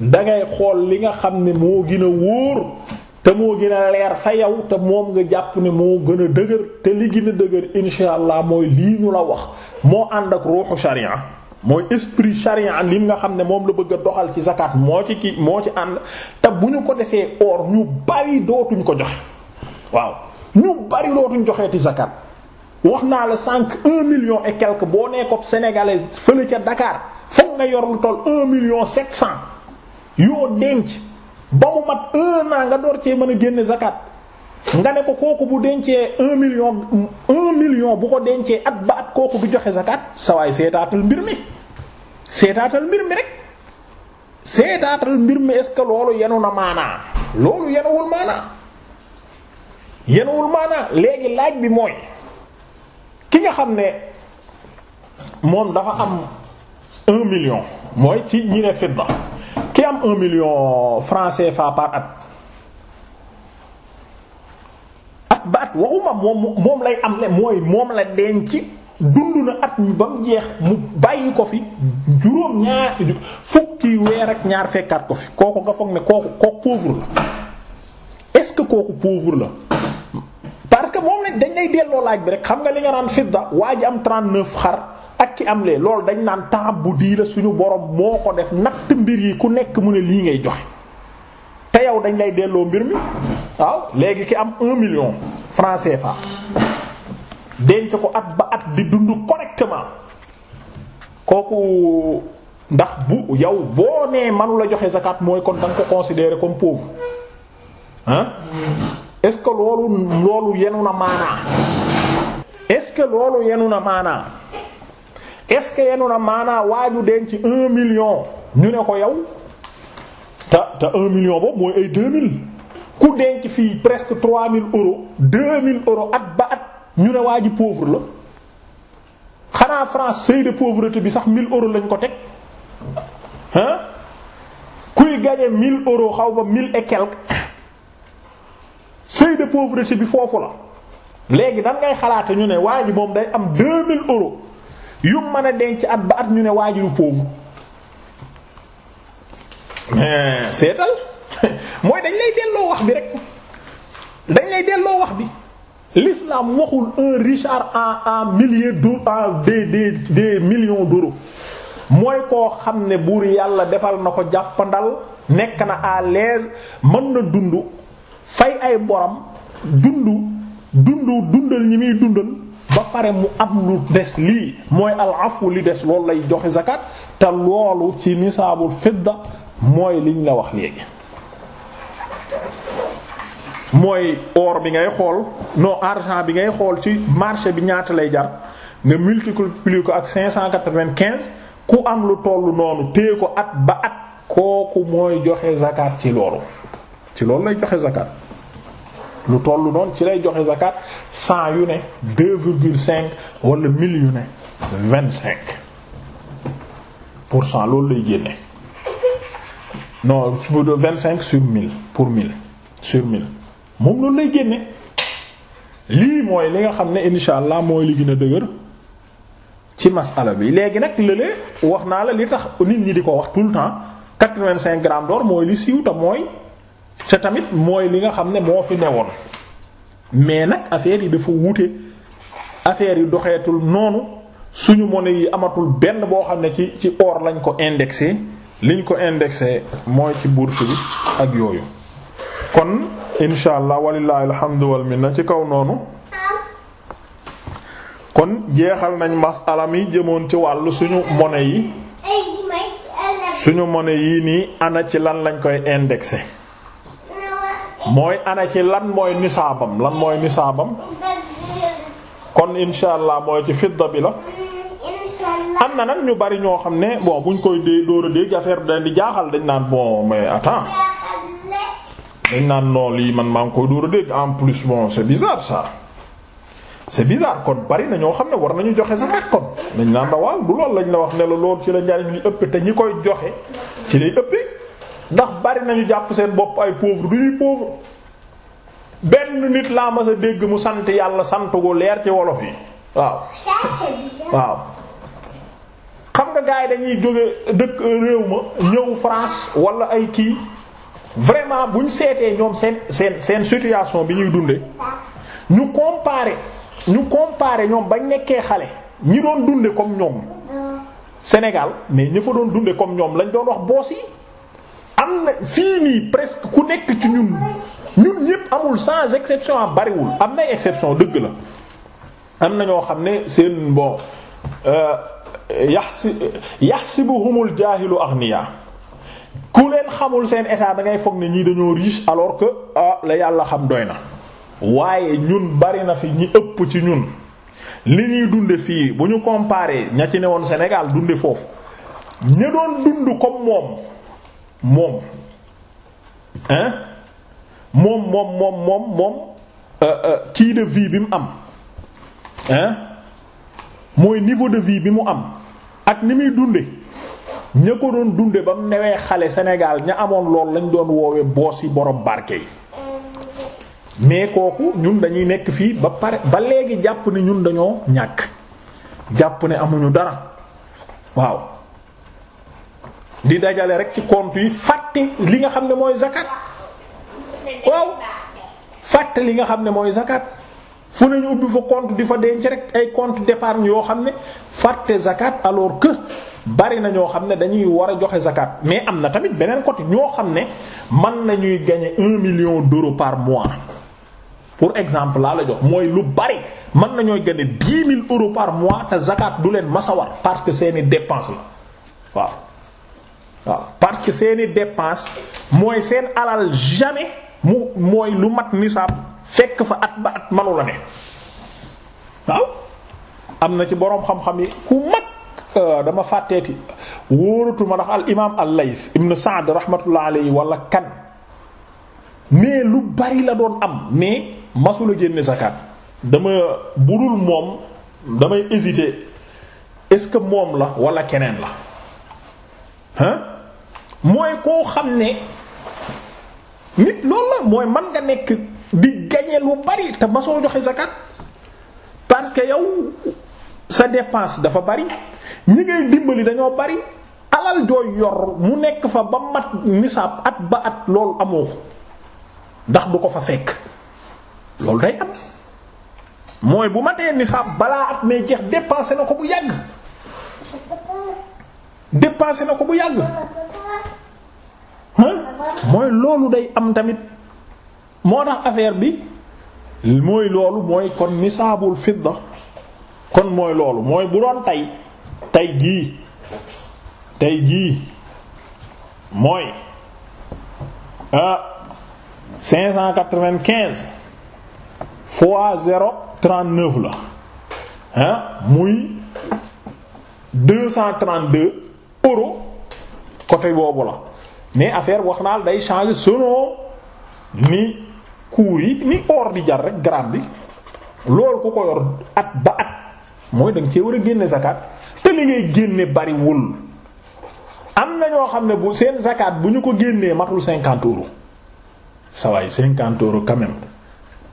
dangay xool li nga xam ne moo gën a wóor te moo gën a leer yow te moom nga jàpp ne moo gën a dëgër te li gën a dëgër insha mooy lii ñu la wax moo ànd ak ruuxu sharia mooy esprit sharia lim nga xam ne moom la bëgg a doxal ci zakat moo ci ki moo ci ànd te bu ñu ko defee or ñu bàyyi dootuñ ko joxe waaw ñu bari lootuñ joxeeti zakat wax naa la cinq un million et quelque boo ko sénégalais fële ca Dakar fokk nga yor lu toll un million sept cent yoo denc ba mu mat un an nga door cee mën a génne zakat nga ne ko kooku bu dencee un million un million bu ko dencee at ba at kooku du joxe zakat sa waay seetaatal mbir mi seetaatal mbir mi rek seetaatal mbir mi est-ce que loolu yenu na maanaa loolu yenuwul maanaa yenuwul maanaa léegi laaj bi mooy ki nga xam ne moom dafa am un million mooy ci ñi ne fidda ki am un million franc CFA par at at ba at waxuma moom lay am le mooy moom la denc dund na at mi ba mu jeex mu bàyyi ko fi juróom ñaar fukki weer ak ñaar fekkaat ko fi kooku nga foog ne kooku kooku pauvre la est-ce que kooku pauvre la que moom lañ dañ lay delloo laaj bi rek xam nga li nga naan fidda waa ji am 39 xar ak ki am lee loolu dañ naan temps bu dii la suñu borom moo ko def natt mbir yi ku nekk mu ne lii ngay joxe te yow dañ lay delloo mbir mi waaw léegi ki am 1 million franc CFA denc ko at ba at di dund correctement kooku ndax bu yow boo nee mënu la joxe zakat mooy kon da ko considérer comme pauvre ah. est-ce que loolu loolu yenu na maanaa est-ce que loolu yenu na maanaa est-ce que yenu na maanaa waaju denc un million ñu ne ko yow te te un million boobu mooy ay deux mille ku denc fii presque trois mille euros deux mille euros at ba at ñu ne waa ji pauvre la xanaa France seuil de pauvreté bi sax mille euros lañ ko teg hein kuy gagner mille euros xaw ba mille et quelque seuil de pauvreté bi foofu la léegi nan ngay xalaate ñu ne waa ji moom day am 2000 euro yu mën a denc at ba at ñu ne waa ji du pauvre mais seetal mooy dañ lay delloo wax bi rek dañ lay delloo wax bi l'islam waxul un richard en en milliers d'euros en des des million millions mooy koo xam ne buur yàlla defal na ko jàppandal nekk na à l'aise mën na dundu fay ay borom dundu dundu dundal ñi muy dundal ba pare mu am lu des lii mooy al li des loolu lay joxe zakat te loolu ci nisaabul fidda mooy liñ la wax léegi mooy or bi ngay xool non argent bi ngay xool ci marché bi ñaata lay jar nga multiplier ko ak 595 ku am lu tollu noonu téye ko at ba at kooku mooy joxe zakat ci loolu ci loolu lay joxe zakat lu tollu noonu ci lay joxe zakat cent yu ne deux virgule cinq wala mille yu ne vingt cinq pour cent loolu lay génne non vingt cinq sur mille pour mille sur mille moom loolu lay génne lii mooy li nga xam ne insha allah mooy li gën a dëgër ci masala bi léegi nag lële wax naa la li tax nit ñi di ko wax tout le temps quatre-vingt-cinq grammes d'or mooy li siiw te mooy te tamit mooy li nga xam ne moo fi newoon mais nag affaire yi dafa wuute affaire yi doxeetul noonu suñu mone yi amatul benn boo xam ne ci ci or lañ ko indexé liñ ko indexé mooy ci bourse bi ak yooyu kon insha allah walilahi alhamdu wal minna ci kaw noonu kon jeexal nañ masala mi jëmoon ci wàll suñu monnaie yi suñu mone yii nii ana ci lan lañ koy indexé mooy ana ci lan mooy nisaabam lan mooy nisaabam kon insha allah mooy ci fidda bi la am na nag ñu bari ñoo xam ne bon buñ koy dee dóor a dégg affaire bi dañ di jaaxal dañ naan bon mais attends dañ naan non lii man maa ngi koy dóor a dégg en plus bon c'est bizarre ça c'est bizarre kon bari na ñoo xam ne war nañu joxe zakat kon dañ naan la waaw du loolu lañ la wax ne la lool ci la njariñ li ëpp te ñi koy joxe ci lay ëpp ndax bari nañu jàpp seen bopp ay pauvre du ñuy pauvre benn nit laa mas a dégg mu sant yàlla sant gu leer ci wolof yi waaw waaw xam nga gars yi dañuy jóge dëkk réew ma ñëw France wala ay kii vraiment buñ seetee ñoom seen seen seen situation bi ñuy dunde ñu comparer ñu comparer ñoom bañ nekkee xale ñi doon dunde comme ñoom ah. Sénégal mais ñi doon dunde comme ñoom lañ doon wax boos yi am na fii nii presque ku nekk ci ñun ñun ñépp amul sans exception a ah, bariwul am nay exception dëgg la am na ñoo xam ne seen bon euh, yaxsi yaxsibuhumul jaahilu aghniya ku leen xamul seen état da ngay foog ne ñii dañoo riche alors que ah la yàlla xam doy na waaye ñun bari na fi ñi ëpp ci ñun li ñuy dunde fii bu ñu comparer ña ci ne woon Sénégal dunde foofu ña doon dund comme moom moom hein moom moom moom moom euh, euh, kii de vie bi mu am hein mooy niveau de vie bi mu am ak ni muy dunde ña ko doon dunde ba mu newee xale Sénégal ña amoon lool lañ doon woowe boos yi borom barke yi mais kooku ñun dañuy nekk fii ba pare ba léegi jàpp ne ñun dañoo ñàkk jàpp ne amuñu dara waaw di dajale rek ci compte yi fàtte li nga xam ne mooy zakat waaw fàtte li nga xam ne mooy zakat fu ne ñu ubbi fa compte di fa denc rek ay compte d'épargne yoo xam ne fàtte zakat alors que bari na ñoo xam ne dañuy war a joxe zakat mais am na tamit beneen côté ñoo xam ne mën nañuy gagner un million d'euros par mois pour exemple laa la jox mooy lu bari mën nañooy gagner dix mille euros par mois te zakat du leen war parce que seeni dépense la waaw. waaw parce que seeni dépense mooy seen alal jamais mu mooy lu mat nisaab fekk fa at ba at manu la ne waaw am na ci boroom xam-xam yi ku mag euh, dama fàtteeti wóoratuma ndax al imaam al-Layth ibn Sa'd rahmatullah alayhi wala kan mais lu bari la doon am mais masula génne zakat dama budul moom damay hésiter est-ce que moom la wala keneen la ah mooy koo xam ne nit loolu la mooy mën nga nekk di gagner lu bari te ba soo joxee sa zakat parce que yow sa dépense dafa bari ñi ngay dimbali dañoo bari alal jooy yor mu nekk fa ba mat nisaab at ba at loolu amoo ndax du ko fa fekk loolu day am mooy bu matee nisaab balaa at may jeex dépensé na ko bu yàgg. dépassé na ko bu yàgg mooy loolu day am tamit moo tax affaire bi mooy loolu mooy kon nisaabul fidda kon mooy loolu mooy bu doon tey tey jii tey jii mooy ah cinq cent quatre-vingt-quinze fois zéro trente-neuf la ah muy euro côté boobu la mais affaire wax naa day changer selon ni cours yi ni or di jar rek gramme bi loolu ku ko yor at ba at mooy da nga war a génne zakat te li ngay génne bariwul am na ñoo xam ne bu seen zakat bu ñu ko génnee matul cinquante euros sa waay cinquante euros quand même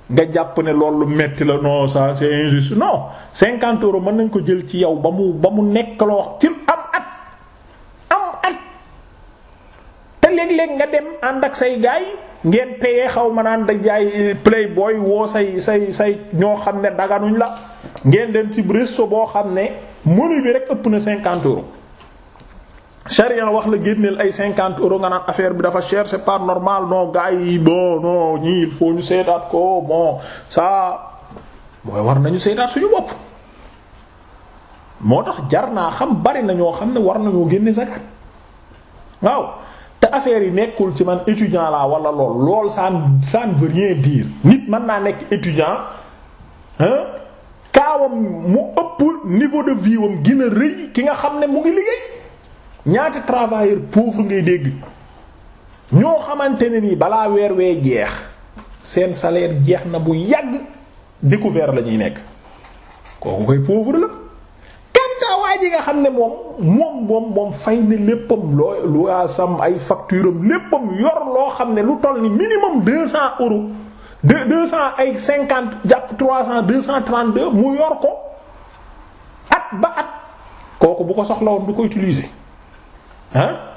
nga jàpp ne loolu metti la non ça c'est injuste non cinquante euros mën nañ ko jël ci yow ba mu ba mu nekk loo ci am léeg-léeg nga dem ànd ak say gaay ngeen payé xaw ma naan da jaay playboy woo say say say ñoo xam ne daganuñ la ngeen dem ci resto boo xam ne menu bi rek ëpp na cinquante euros charia wax la génneel ay cinquante euros nga naan affaire bi dafa cher c'est pas normal non gars yi bon non ñii il ñu seetaat ko bon ça mooy war nañu seetaat suñu bopp moo tax jar naa xam bari na ñoo xam ne war nañoo génne zakat waaw te affaire yi nekkul ci man étudiant la wala lool lool ça ça ne veut rien nit mën naa nekk étudiant hein kaawam mu ëpp niveau de vie wam rëy ki nga xam ne mu ngi liggéey ñaata travailleur pauvre ngay dégg ñoo xamante ne nii balaa weer wee jeex seen salaire jeex na bu yàgg découvert la ñuy nekk kooku koy pauvre la ji nga xam ne moom moom moom moom fay ne léppam loo loyaasam ay facture am léppam yor loo xam ne lu toll ni minimum deux cent euros de deux cent ay cinquante jàpp trois cent deux cent trente deux mu yor ko at ba at kooku bu ko soxla woon du ko utiliser ah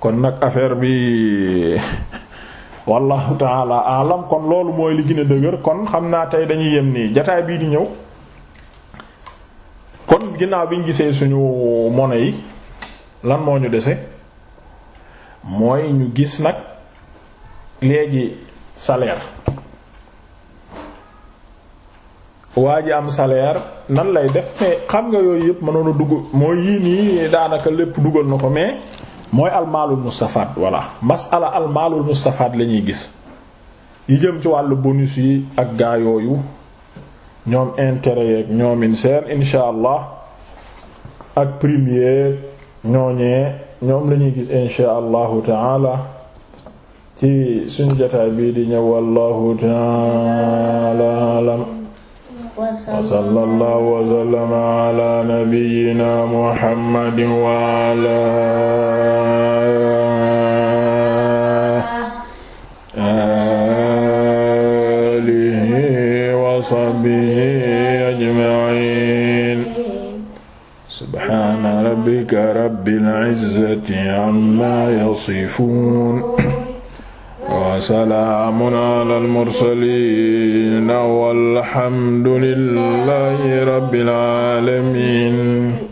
kon nag affaire bi wallahu taala alam kon loolu mooy li gën a dëgër kon xam naa tey dañuy yem nii jataay bii di ñëw kon ginnaaw biñ gisee suñu mono yi lan moo ñu dese mooy ñu gis nag léegi saleer waa ji am salaire nan lay def mais xam nga yooyu yëpp mënoon a dugg mooy yii nii daanaka lépp dugal na ko mais mooy almaalul mustafaat voilà masala almaalul mustafaat la ñuy gis yi jëm ci wàll bonus yi ak gaa yooyu ñoom intérêt yeeg ñoomin seen allah ak premier ñooñee ñoom lañuy gis insha allahu taala ci suñu jotaay bii di ñëw wallahu taala alam wa sallallahu wa sallama ala nabiyyina muhammadin wa ala sahbihi ajma'in subhaana rabbika rabbil izzati amma yasifuun wa salaamun alal mursaliin walhamdu lillaahi rabbil aalamiin